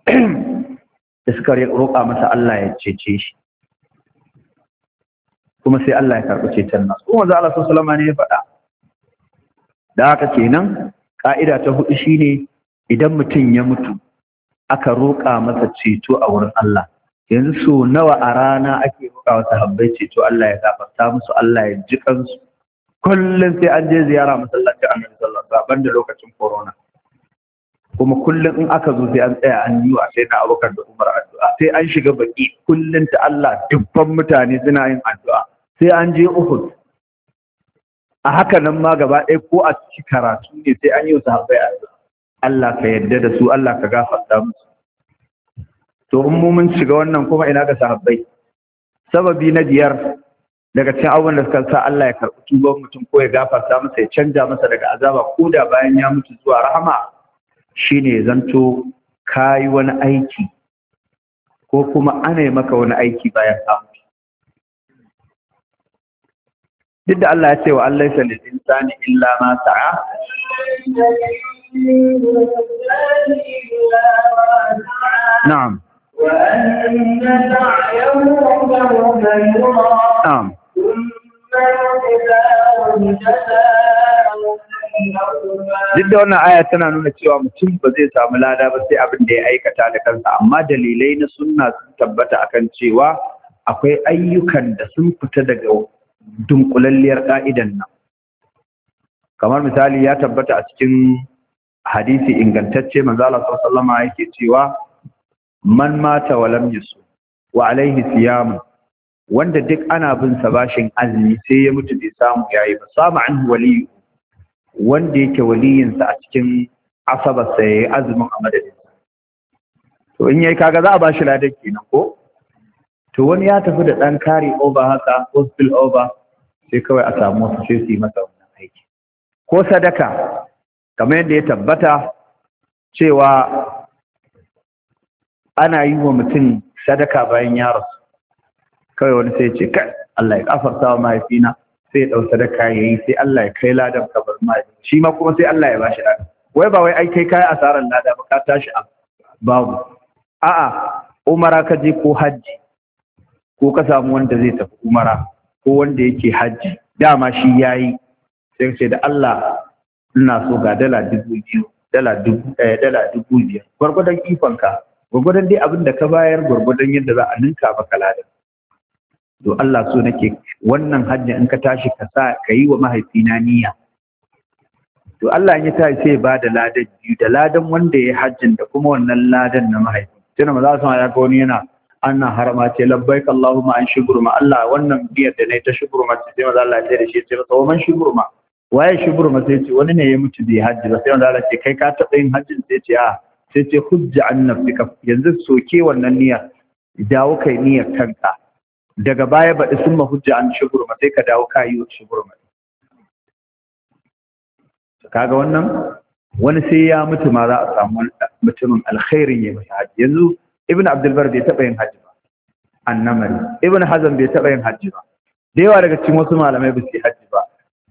da suka roƙa masa Allah ya cece shi kuma sai Allah ya karɓi ceton nasu kuma za Allah salama ne ya faɗa da haka kenan ƙa'ida ta hudu shine idan mutum ya mutu aka roƙa masa ceto a wurin Allah yanzu so nawa a rana ake roƙa wa sahabbai ceto Allah ya gafarta musu Allah ya ji kansu kullum sai an je ziyara masallacin annabi sallallahu alaihi wasallam da lokacin corona kuma kullum in aka zo sai an tsaya an yi wa sai na abokan da umar addu'a sai an shiga baki kullum ta Allah dubban mutane suna yin addu'a sai an je Uhud a haka nan ma gaba ɗaya ko a ci karatu ne sai an yi sahabbai Allah ka yarda da su Allah ka gafarta musu to in mun shiga wannan kuma ina ga sahabbai sababi na biyar daga cikin abubuwan da suka sa Allah ya karɓi tuban mutum ko ya gafarta masa ya canja masa daga azaba ko da bayan ya mutu zuwa rahama shine zanto kayi wani aiki ko kuma ana yi maka wani aiki bayan ka mutu duk da Allah ya ce wa Allah ya lil insani illa ma sa'a na'am wa anna sa'yahu sawfa yura na'am duk da wannan aya tana nuna cewa mutum ba zai samu lada ba sai abin da ya aikata da kansa amma dalilai na sunna sun tabbata akan cewa akwai ayyukan da sun fita daga dunkulalliyar ƙa'idan nan kamar misali ya tabbata a cikin hadisi ingantacce manzo Allah sallallahu alaihi yake cewa man mata wa yusu wa alaihi siyamu wanda duk ana bin sa bashin azumi sai ya mutu bai samu yayi ba sama an wali wanda yake waliyin sa a cikin asabar sai yayi azumin a madadin to in yayi kaga za a bashi ladan kenan ko to wani ya tafi da dan kare over haka hospital over sai kawai a samu wasu sai su yi masa wannan aiki ko sadaka kamar yadda ya tabbata cewa ana yi wa mutum sadaka bayan ya rasu kawai wani sai ce kai Allah ya kafarta wa mahaifina sai ya ɗau sadaka ya yi sai Allah ya kai ladan kabar mahaifin shi ma kuma sai Allah ya bashi ladan wai ba wai ai kai kai asarar lada ba ka tashi a babu a'a umara ka je ko hajji ko ka samu wanda zai tafi umara ko wanda yake hajji dama shi yayi sai ce da Allah ina so ga dala dubu biyu dala dubu ɗaya eh, dala dubu biyar gwargwadon ifonka. gwargwadon dai abin da ka bayar gwargwadon yadda za a ninka maka ladan to Allah so nake wannan hajji in ka tashi ka sa ka yi wa mahaifina niyya to Allah ya ta sai ba da ladan biyu da ladan wanda ya hajjin da kuma wannan ladan na mahaifi tana maza su ma ya ga wani yana annan harama ce labbaik Allahumma an shugurma Allah wannan biyar da ne ta shugurma ce sai maza Allah ya da shi ce masa wa man shugurma waye shugurma sai ce wani ne ya mutu bai hajji ba sai maza Allah ce kai ka taɓa yin hajjin sai ce a sai ce hujja an nafsika yanzu soke wannan niyyar dawo kai niyyar kanka daga baya baɗi sun mahujja an shugurma sai ka dawo ka yi shugurma kaga wannan wani sai ya mutu ma za a samu mutumin alkhairin ya masa haji yanzu ibn abdulbar bai taɓa yin haji ba annamari ibn hazan bai taɓa yin haji ba da yawa daga cikin wasu malamai ba su yi haji ba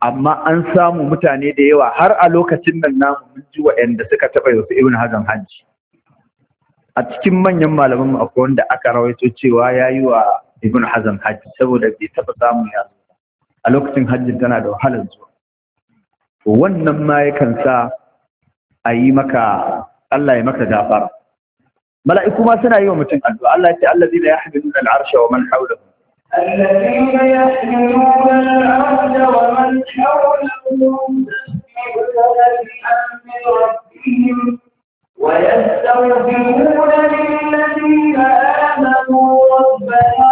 amma an samu mutane da yawa har a lokacin nan namu mun ji waɗanda suka taɓa yau ibn hazan haji a cikin manyan malaman mu akwai wanda aka rawaito cewa ya yi wa ibn hazm hajji saboda bai taɓa samun ya a lokacin hajji tana da wahalar zuwa wannan ma yakan sa a yi maka Allah ya maka gafara mala'iku ma suna yi wa mutum addu'a Allah ya ce allazina yahmiluna al'arsha wa man hawlahu الذين يحملون العرش ومن حولهم يسبحون بحمد ربهم ويستغفرون للذين آمنوا ربنا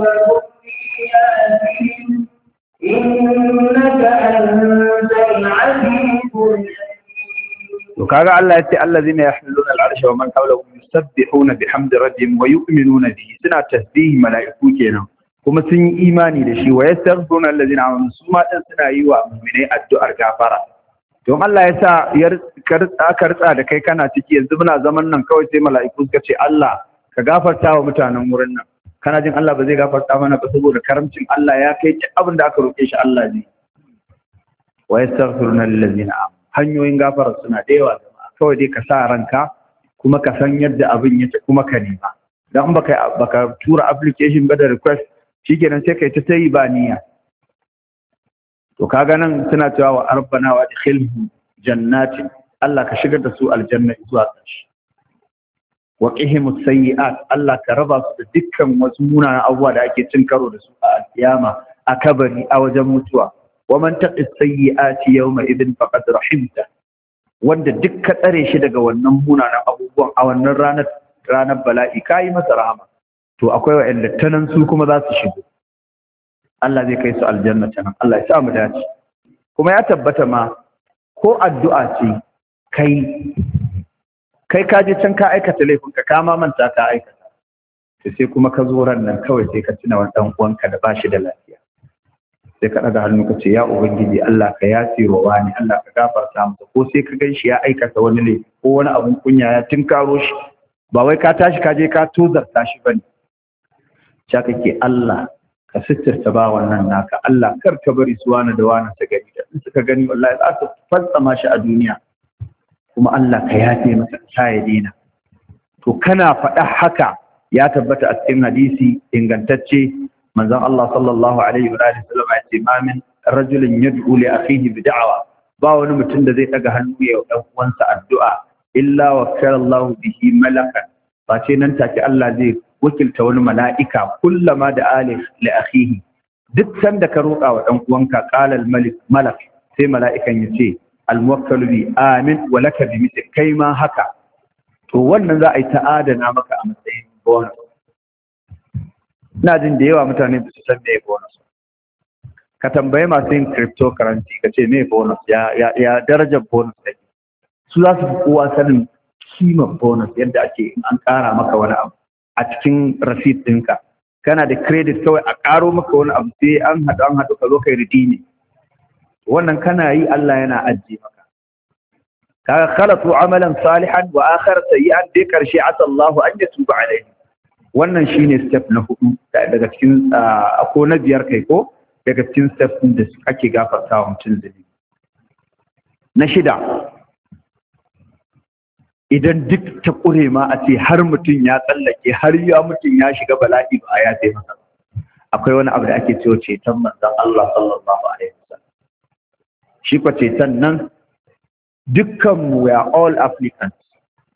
وذرياتهم إنك أنت العزيز to kaga Allah ya ce allazina yahmiluna al'arsha wa man hawlahu yusabbihuna bihamdi rabbihim wa nuna bi suna tasbihi mala'iku kenan kuma sun yi imani da shi wa yastaghfiruna allazina amanu su suna yi wa mu'minai addu'ar gafara don Allah ya sa ya kartsa da kai kana ciki yanzu muna zaman nan kawai sai mala'iku suka ce Allah ka gafarta wa mutanen wurin nan kana jin Allah ba zai gafarta mana ba saboda karamcin Allah ya kai ta abin da aka roƙe shi Allah ne wa yastaghfiruna lillazina hanyoyin gafara suna da yawa kawai dai ka sa ranka kuma ka san yadda abin yake kuma ka nema dan baka baka tura application ba da request shikenan sai kai ta tayi ba niyya to kaga nan suna cewa wa rabbana wa adkhilhum jannatin Allah ka shigar da su aljanna zuwa ƙarshe wa qihimus sayyi'at Allah ka raba su da dukkan wasu munanan abubuwa da ake cin karo da su a alƙiyama a kabari a wajen mutuwa wa man taqis sayyi'ati yawma idin faqad rahimta wanda duk ka tsare shi daga wannan munanan abubuwan a wannan ranar ranar bala'i kai masa rahama to akwai wa'anda nan su kuma za su shigo Allah zai kai su aljanna ta nan, Allah ya sa mu dace kuma ya tabbata ma ko addu'a ce kai kai ka je can ka aikata laifin ka kama manta ka aikata Ta sai kuma ka zo ran nan kawai sai ka tuna wani dan uwanka da bashi da lafiya sai ka daga hannu ka ce ya ubangiji Allah ka yafe wa wani Allah ka gafarta masa ko sai ka shi ya aikata wani laifi ko wani abun kunya ya tinkaro shi ba wai ka tashi ka je ka tozarta shi bane sha kake Allah ka sitirta ba wannan naka Allah kar ka bari su wani da wani ta gani da suka gani wallahi za su fassama shi a duniya kuma Allah ka yafe masa sa ya daina to kana faɗa haka ya tabbata a cikin hadisi ingantacce manzon Allah sallallahu alaihi wa sallam ya ce ma min rajulin yad'u li akhihi bi da'wa ba wani mutum da zai daga hannu ya dan uwansa addu'a illa wa Allah bihi malakan ba ce nan take Allah zai wakilta wani mala'ika kullama da ali li akhihi duk sanda ka roƙa wa dan uwanka qala al malik malak sai mala'ikan ya ce almuwakkalu bi amin wa laka bi mithli kai ma haka to wannan za a yi ta adana maka a matsayin bonus ina jin da yawa mutane ba su san me bonus ka tambaye masu yin cryptocurrency ka ce me bonus ya ya ya darajar bonus ɗin su za su fi kowa sanin kimar bonus yadda ake an ƙara maka wani abu a cikin receipt ɗinka kana da credit kawai a karo maka wani abu sai an haɗu an haɗu ka zo kai redeeming wannan kana yi Allah yana ajiye maka kaga khalatu amalan salihan wa akhar sayyi'an dai karshe asa Allah an yatuba alayhi wannan shine step na hudu daga cikin ko na biyar kai ko daga cikin step din da ake gafarta wa mutum zunubi na shida idan duk ta kure ma a ce har mutum ya tsallake har ya mutum ya shiga bala'i ba ya taimaka akwai wani abu da ake cewa ceton manzon Allah sallallahu alaihi shi kwa nan dukkanmu we are all applicants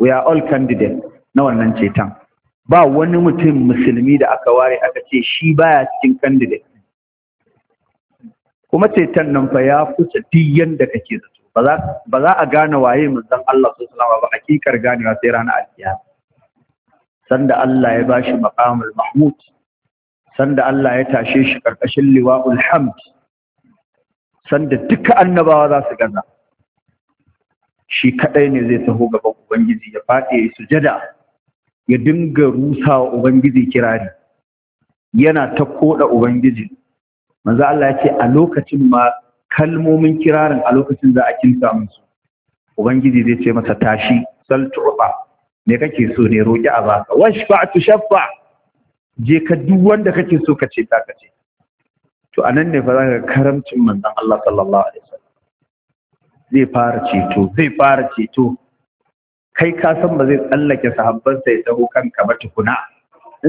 we are all candidates na wannan ceton ba wani mutum musulmi da aka ware aka ce shi baya cikin candidate kuma ceton nan fa ya kusa diyan da kake zato ba za a gane waye zan Allah salama ba hakikar ganewa sai ranar alkiyama sanda Allah ya bashi maqamul mahmud sanda Allah ya tashe shi karkashin liwa'ul hamd sanda duka annabawa za su gaza shi kadai ne zai taho gaban ubangiji ya faɗi ya sujada ya dinga rusawa ubangiji kirari yana ta koda ubangiji manzo Allah ya ce a lokacin ma kalmomin kirarin a lokacin za a kinsa musu ubangiji zai ce masa tashi sal turba me kake so ne roki a baka washfa tushaffa je ka duk wanda kake so ka ce ta kace to a nan ne fa za ka karamcin manzan Allah sallallahu alaihi wasallam zai fara ceto zai fara ceto kai ka san ba zai tsallake sahabbansa ya taho kanka ba tukuna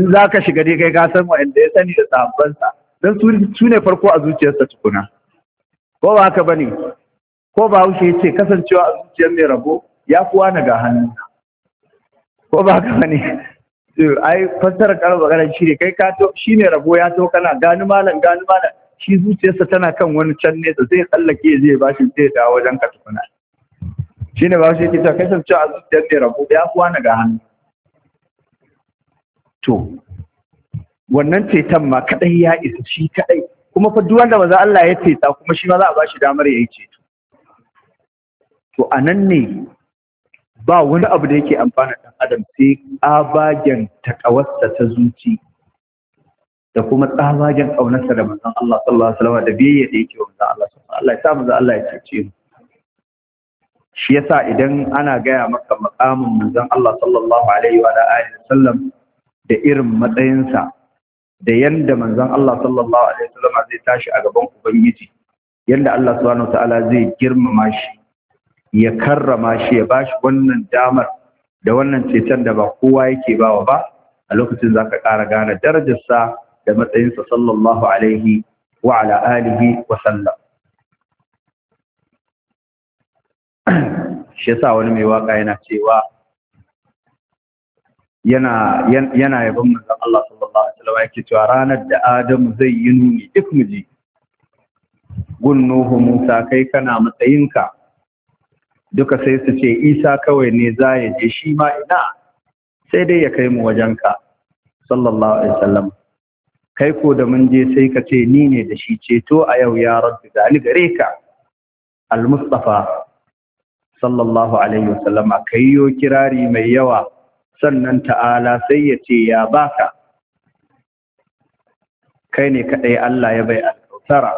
in za ka shiga dai kai ka san wa'anda ya sani da sahabbansa don su ne farko a zuciyarsa tukuna ko ba haka bane ko ba haushe ce kasancewa a zuciyar mai rabo ya kuwa na ga hannu ko ba haka bane ai fassara karar magana shi ne kai ka to shi ne rabo ya to kana gani malam gani malam shi zuciyarsa tana kan wani can nesa zai tsallake zai ba shi zai da wajen ka tukuna shi ne ba shi yake ta kasance a zuciyar ne rabo ya kuwa na ga hannu to wannan ceton ma kadai ya isa shi kadai kuma fa duk wanda maza Allah ya ceta kuma shi ma za a ba shi damar ya yi ceto to anan ne ba wani abu da yake amfana ɗan adam sai tsabagen taƙawarsa ta zuci da kuma tsabagen ƙaunarsa da manzon Allah sallallahu alaihi wasallam da biyayya da yake wa manzon Allah sallallahu Allah ya sa Allah ya cece mu shi yasa idan ana gaya maka makamin manzon Allah sallallahu alaihi wa alihi wasallam da irin matsayinsa da yanda manzon Allah sallallahu alaihi wasallam zai tashi a gaban ubangiji yanda Allah subhanahu wa ta'ala zai girmama shi ya karrama shi ya bashi wannan damar da wannan ceton da ba kowa yake bawa ba a lokacin za ka ƙara gane darajarsa da matsayinsa sallallahu alaihi wa ala alihi wa sallam shi yasa wani mai waka yana cewa yana yana yabon manzon Allah sallallahu alaihi wa yake cewa ranar da Adamu zai yi nuni duk muji gunnuhu Musa kai kana matsayinka duka sai su ce isa kawai ne za ya je shi ma ina sai dai ya kai mu wajenka sallallahu alaihi wasallam kai ko da mun je sai ka ce ni ne da shi ceto a yau ya rabbi da gare ka al-mustafa sallallahu alaihi wasallam yo kirari mai yawa sannan ta'ala sai ya ce ya baka kai ne kadai Allah ya bai alkautara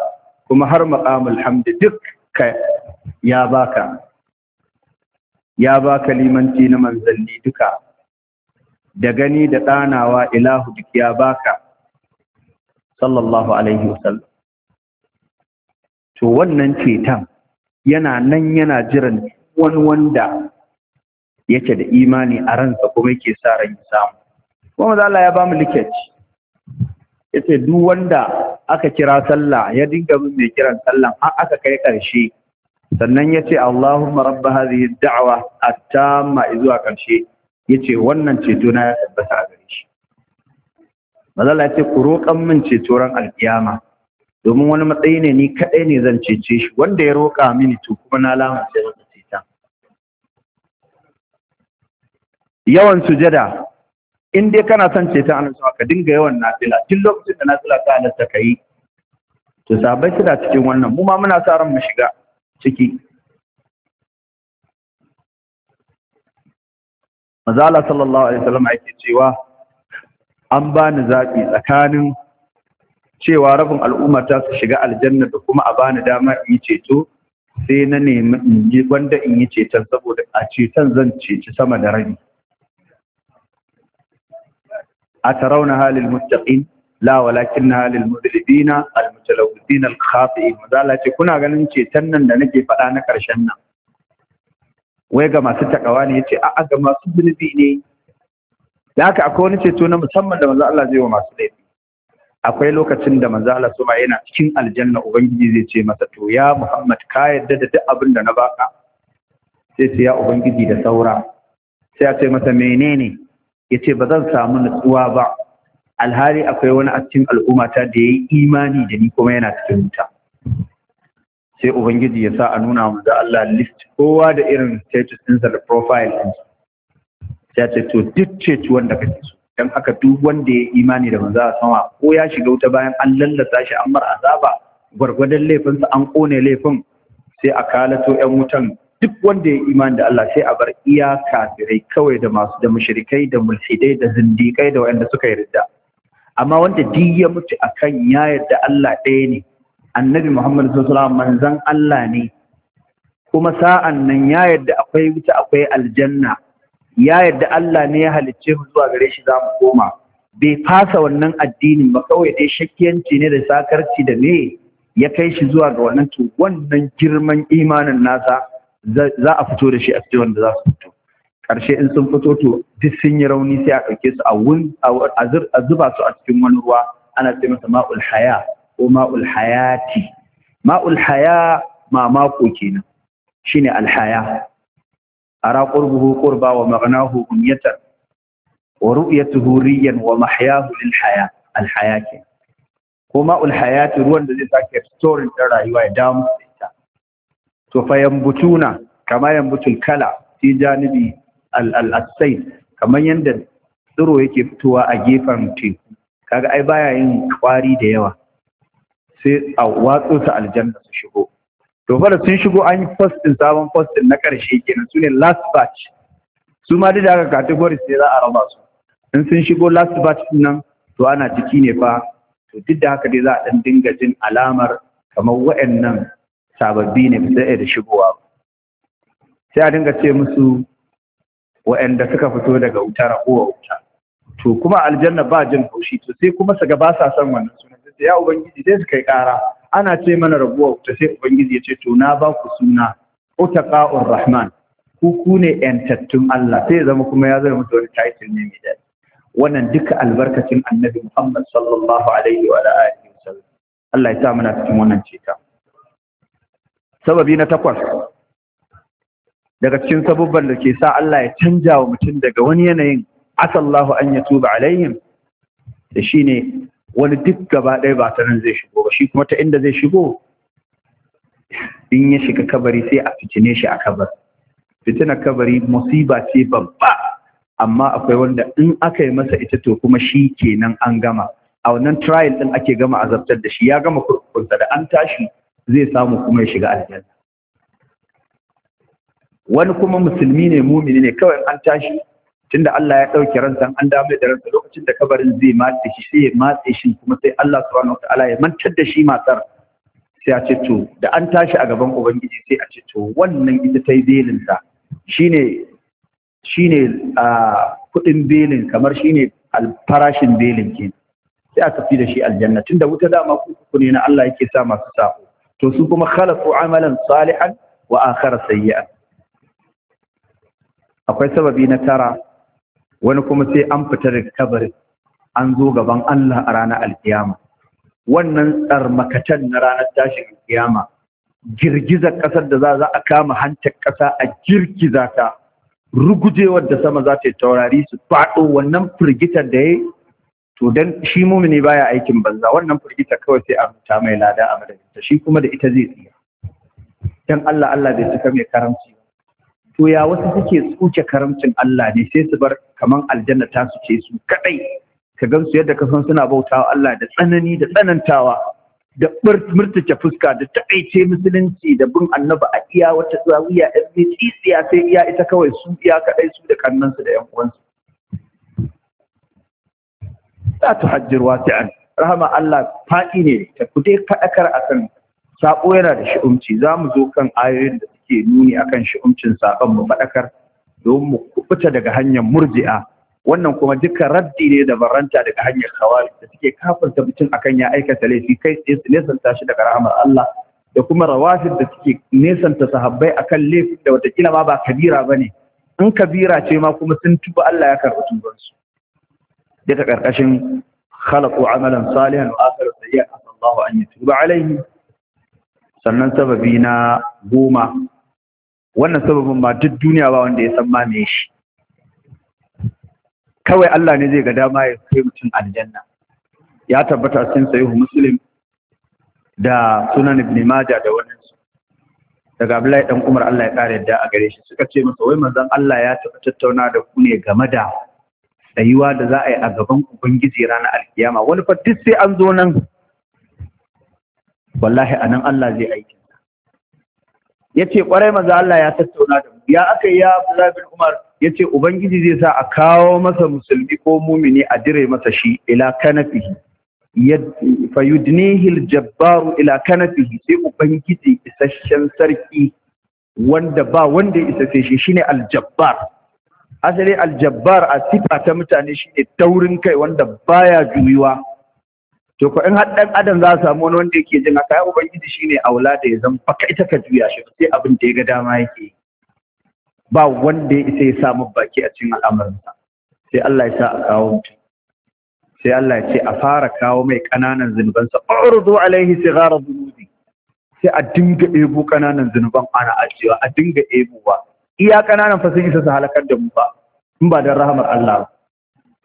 kuma har maqamul hamd duk ka ya baka ya baka limanci na manzanni duka da gani da ɗanawa ilahu duk ya baka sallallahu alaihi wasallam to wannan ceton yana nan yana jiran wani wanda yake da imani a ransa kuma yake sa ran yi samu kuma za ya ba mu likaci yace duk wanda aka kira sallah ya dinga mai kiran sallah har aka kai ƙarshe sannan ya ce Allahumma rabba hadhihi da'wa at-tamma zuwa ƙarshe yace wannan ceto na ya tabbata a gare shi mazala yace ku roƙan min ceto ran alƙiyama domin wani matsayi ne ni kaɗai ne zan cece shi wanda ya roƙa mini to kuma na lamance masa ceta yawan sujada in dai kana son ceta an ka dinga yawan nafila tun lokacin da nafila ta halatta ka yi to sabai suna cikin wannan mu ma muna sa ran mu shiga ciki mazala sallallahu alaihi wasallam yake cewa an bani zaɓi tsakanin cewa rabin al'umma ta su shiga aljanna da kuma a bani dama in yi ceto sai na nemi in yi wanda in yi ceton saboda a ceton zan ceci sama da rabi a tarauna halin muttaqin la walakinna lil mudlibina al mutalawwidin al khafi'in mazala ce kuna ganin ceton nan da nake faɗa na ƙarshen nan wai ga masu takawa ne yace a'a ga masu zunubi ne da haka akwai wani ceto na musamman da manzo Allah zai wa masu laifi akwai lokacin da manzo Allah suma yana cikin aljanna ubangiji zai ce masa to ya Muhammad ka yadda da duk abin da na baka sai ce ya ubangiji da saura sai ya ce masa menene yace ba zan samu nutsuwa ba alhali akwai wani a cikin al'ummata da ya yi imani da ni kuma yana cikin wuta sai ubangiji ya sa a nuna da Allah list kowa da irin status sa da profile sa ya ce to duk ceci wanda kake so dan haka duk wanda ya imani da manzo sama ko ya shiga wuta bayan an lallasa shi an mar azaba gwargwadon laifinsa an kone laifin sai a kalato yan wutan duk wanda ya imani da Allah sai a bar iya kafirai kawai da masu da mushrikai da mulhidai da zindikai da waɗanda suka yarda amma wanda duk ya mutu akan ya yarda Allah ɗaya ne annabi Muhammad sallallahu alaihi Allah ne kuma sa'an nan ya yarda akwai wuta akwai aljanna ya yarda Allah ne ya halicce mu zuwa gare shi za mu koma bai fasa wannan addinin ba kawai dai shakkiyanci ne da sakarci da me ya kai shi zuwa ga wannan girman imanin nasa za a fito da shi a cikin wanda za su fito karshe in sun fito to duk sun yi rauni sai a ɗauke su a zuba su a cikin wani ruwa ana ce masa ma'ul haya ko ma'ul hayati ma'ul haya mako kenan shine alhaya ara qurbuhu qurba wa maghnahu umyatan wa ru'yatuhu riyan wa mahyahu lil haya alhaya kenan ko ma'ul hayati ruwan da zai sake restoring din rayuwa ya damu da ita to fa yambutuna kama yambutul kala fi janibi al kamar yadda tsiro yake fitowa a gefen teku kaga ai baya yin kwari da yawa sai a watso su aljanna su shigo to fa sun shigo an yi postin sabon postin na karshe kenan su ne last batch su ma da aka category sai za a raba su in sun shigo last batch nan to ana ciki ne fa to duk da haka dai za a dan dinga jin alamar kamar waɗannan sababbi ne ba da shigowa sai a dinga ce musu waɗanda suka fito daga wuta kowa wuta to kuma aljanna ba jin haushi to sai kuma saga ba sa son wannan sunan sai ya ubangiji dai su kai ƙara ana ce mana ragowa wuta sai ubangiji ya ce to na ba ku suna utaqa'ur rahman ku ku ne yantattun Allah sai zama kuma ya zama da wani title ne mai daɗi wannan duka albarkacin annabi Muhammad sallallahu alaihi wa alihi wasallam Allah ya sa muna cikin wannan cita sababi na takwas daga cikin sabubban da ke sa Allah ya canja wa mutum daga wani yanayin asallahu an ya tuba alayhim da shi ne wani duk gaba ɗaya ba ta nan zai shigo ba shi kuma ta inda zai shigo in ya shiga kabari sai a fitine shi a kabar fitina kabari musiba ce babba amma akwai wanda in aka yi masa ita to kuma shi kenan an gama a wannan trial din ake gama azabtar da shi ya gama kurkukunsa da an tashi zai samu kuma ya shiga aljanna wani kuma musulmi ne mumini ne kawai an tashi tunda Allah ya ɗauke ransa an dame da ransa lokacin da kabarin zai matse shi sai ya matse shi kuma sai Allah subhanahu ya mantar da shi matsar sai a ce to da an tashi a gaban ubangiji sai a ce to wannan ita ta yi belin sa shine shine a belin kamar shine farashin belin ke sai aka fi da shi aljanna tunda wuta dama kuku ne na Allah yake sa masu sako to su kuma khalaqu amalan salihan wa akhara sayyi'an akwai sababi na tara wani kuma sai an fita da kabarin an zo gaban Allah a ranar alkiyama wannan tsarmakatan na ranar tashin alkiyama girgizar ƙasar da za a kama hantar ƙasa a girgiza ta rugujewar da sama za ta yi taurari su faɗo wannan firgitar da ya to dan shi mumini baya aikin banza wannan firgitar kawai sai a rubuta mai lada a madadinta shi kuma da ita zai tsira dan Allah Allah bai cika mai karamci to ya wasu suke tsuke karamcin Allah ne sai su bar kaman aljanna ta su ce su kadai ka gansu yadda ka san suna bautawa Allah da tsanani da tsanantawa da murtace fuska da taƙaice musulunci da bin annaba a iya wata zawiya ɗan tsitsiya sai iya ita kawai su iya kaɗai su da kannansu da 'yan uwansu. Za ta hajjir wasi'an, rahama Allah faɗi ne ta ku dai faɗakar a kan saɓo yana da shi'umci za mu zo kan ayoyin da suke nuni akan shi'umcin saƙon mu faɗakar don mu kubuta daga hanyar murji'a wannan kuma duka raddi ne da baranta daga hanyar kawari da suke kafarta mutum akan ya aikata laifi kai tsaye su nesanta shi daga rahamar Allah da kuma rawafid da suke nesanta sahabbai akan laifin da watakila ma ba kabira ba ne in kabira ce ma kuma sun tuba Allah ya karɓi tubansu daga ƙarƙashin khalaqu amalan salihan wa akhiru sayyi'an Allahu an yatuba alaihi sannan sababi na goma wannan sababin ma duk duniya ba wanda ya san mame shi kawai Allah ne zai ga dama ya kai mutum aljanna ya tabbata sun sahihu muslim da sunan ibn maja da wannan daga Abdullahi dan Umar Allah ya kare yadda a gare shi suka ce masa wai manzon Allah ya taba tattauna da ku ne game da tsayuwa da za a yi a gaban Ubangiji ranar alkiyama wani fa sai an zo nan wallahi anan Allah zai aiki Ya ce ƙwarai maza Allah ya tattauna da mu ya aka ya Abdullah Umar Umar ce ubangiji zai sa a kawo masa musulmi ko mumini a dire masa shi ila kanafihi fayudnihi Jabbaru. ila kanafihi sai ubangiji isasshen sarki wanda ba wanda ya isa sai shi shine aljabbar asali aljabbar a sifa ta mutane shine taurin kai wanda baya juyuwa to ko in har dan adam za samu wani wanda yake jin haka ubangiji shine aula da ya zan baka ita ka juya shi sai abin da ya ga dama yake ba wanda ya isa ya samu baki a cikin al'amarinsa sai Allah ya sa a kawo mutum sai Allah ya ce a fara kawo mai ƙananan zunubansa urdu alaihi sigara zunubi sai a dinga ebo ƙananan zunuban ana ajiyewa a dinga ebo ba iya ƙananan fa sun isa su halakar da mu ba in ba don rahamar Allah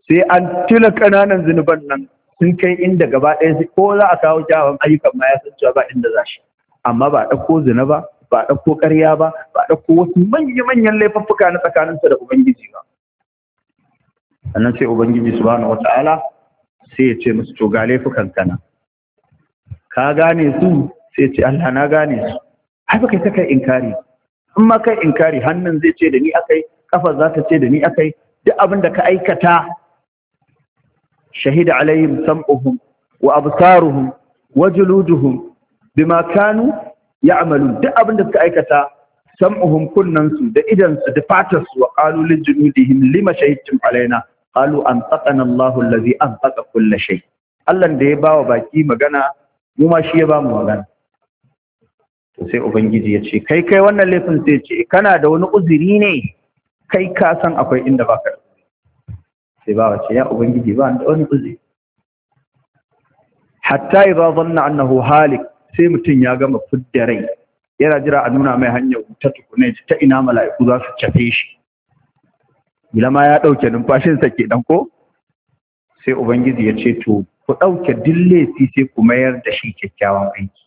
sai an tila ƙananan zunuban nan sun kai inda gaba ɗaya ko za a kawo kyawun ayyukan ma ya san cewa ba inda za shi amma ba ɗauko zina ba ba ɗauko ƙarya ba ba ɗauko wasu manya-manyan laifuffuka na tsakaninsa da ubangiji ba sannan sai ubangiji subhanahu ala, sai ya ce musu to ga laifukan kana ka gane su sai ce Allah na gane su ai kai ta kai inkari in ma kai inkari hannun zai ce da ni akai kafar za ta ce da ni akai duk abin da ka aikata Shahida شهد عليهم سمعهم وابصارهم وجلودهم بما Bimakanu, يعملون duk abin da suka aikata sam'uhum kunnansu da idansu da fatarsu wa qalu lil junudihim lima shahidtum alaina qalu an taqana Allahu allazi anfaqa kull shay Allah da ya bawa baki magana mu shi ya bamu magana to sai ubangiji ya ce kai kai wannan laifin sai ya ce kana da wani uziri ne kai ka san akwai inda baka da sai bawa ce ya ubangiji ba da wani buzi hatta idza zanna annahu halik sai mutum ya gama fidda rai yana jira a nuna mai hanyar wuta tukune ta ina mala'iku za su cafe shi ma ya ɗauke numfashinsa sa ɗan ko sai ubangiji ya ce to ku dauke dille sai ku mayar da shi kyakkyawan aiki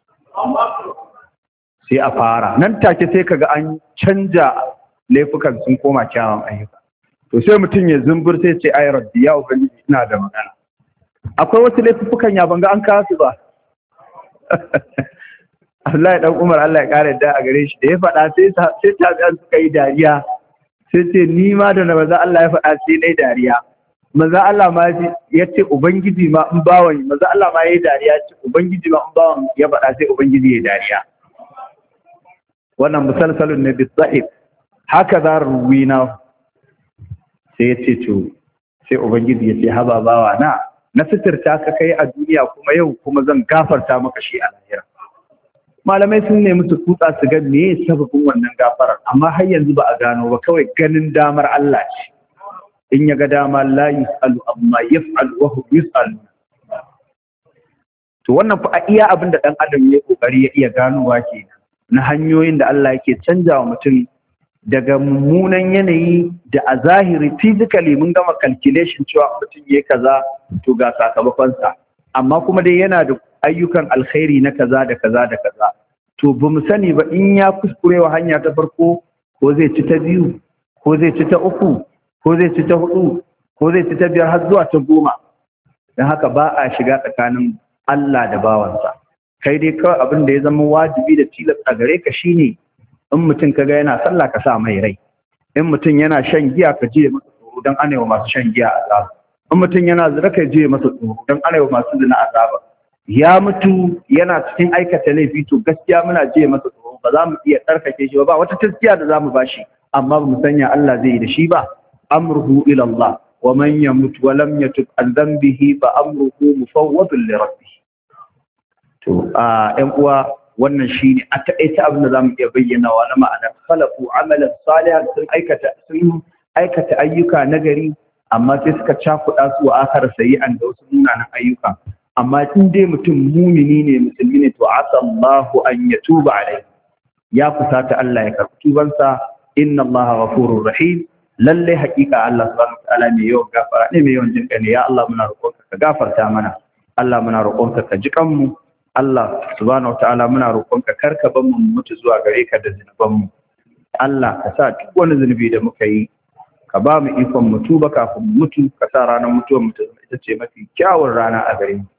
sai a fara nan take sai kaga an canja laifukan sun koma kyawun ayyuka to sai mutum ya zumbur sai ce ai rabbi ya ubangiji ina da magana akwai wasu laifukan ya banga an kasu ba. Allah ya dan Umar Allah ya kare da a gare shi da ya faɗa sai sai tabi'an suka yi dariya sai ce ni ma da manzo Allah ya faɗa sai nayi dariya manzo Allah ma ya ce ubangiji ma in bawan manzo Allah ma yayi dariya ce ubangiji ma in bawan ya faɗa sai ubangiji ya dariya wannan musalsalun ne sahib haka za ruwina sai ya ce to sai ubangiji ya ce haba bawa na na sitirta ka kai a duniya kuma yau kuma zan gafarta maka shi a lahira malamai sun nemi su kutsa su ga me sababin wannan gafarar amma har yanzu ba a gano ba kawai ganin damar Allah ce in ya ga dama la yus'alu amma yaf'al wa hum yus'alu to wannan fa iya abinda da dan adam ya kokari ya iya ganowa kenan na hanyoyin da Allah yake wa mutum daga mummunan yanayi da a zahiri physically mun gama calculation cewa mutum ya kaza to ga sakamakonsa amma kuma dai yana da ayyukan alkhairi na kaza da kaza da kaza to ba mu sani ba in ya kuskurewa hanya ta farko ko zai ci ta biyu ko zai ci ta uku ko zai ci ta hudu ko zai ci ta biyar har zuwa ta goma don haka ba a shiga tsakanin Allah da bawansa kai dai kawai abin da ya zama wajibi da tilasta gare ka shine in mutum kaga yana sallah ka sa mai rai in mutum yana shan giya ka je masa tsoro don ana yawa masu shan giya azaba in mutum yana zina ka je masa tsoro don ana yawa masu zina azaba ya mutu yana cikin aikata laifi to gaskiya muna je masa tsoro ba za mu iya tsarkake shi ba ba wata taskiya da za mu bashi amma ba mu sanya Allah zai yi da shi ba amruhu ila Allah wa man yamut wa lam yatub an dhanbihi fa amruhu mufawwadun li rabbih to a ƴan uwa wannan shine a taƙaice abin da mu iya bayyanawa na ma'anar khalaqu amalan salihan sun aikata sun aikata ayyuka nagari amma sai suka cakuɗa su a akar sayi'an da wasu munanan ayyuka amma in dai mutum mumini ne musulmi ne to asa Allahu an yatuba alai ya kusata Allah ya karɓi tubansa inna Allaha ghafurur rahim lalle haƙiƙa Allah subhanahu wataala mai yawan gafara ne mai yawan jinƙa ne ya Allah muna roƙonka ka gafarta mana Allah muna roƙonka ka ji Allah subhanahu wa ta'ala muna roƙonka kar ka bar mu mutu zuwa gare ka da zunubanmu Allah ka sa duk wani zunubi da muka yi ka ba mu ikon mutu ba kafin mutu ka sa ranar mutuwar mu ita ce mafi kyawun rana a gare mu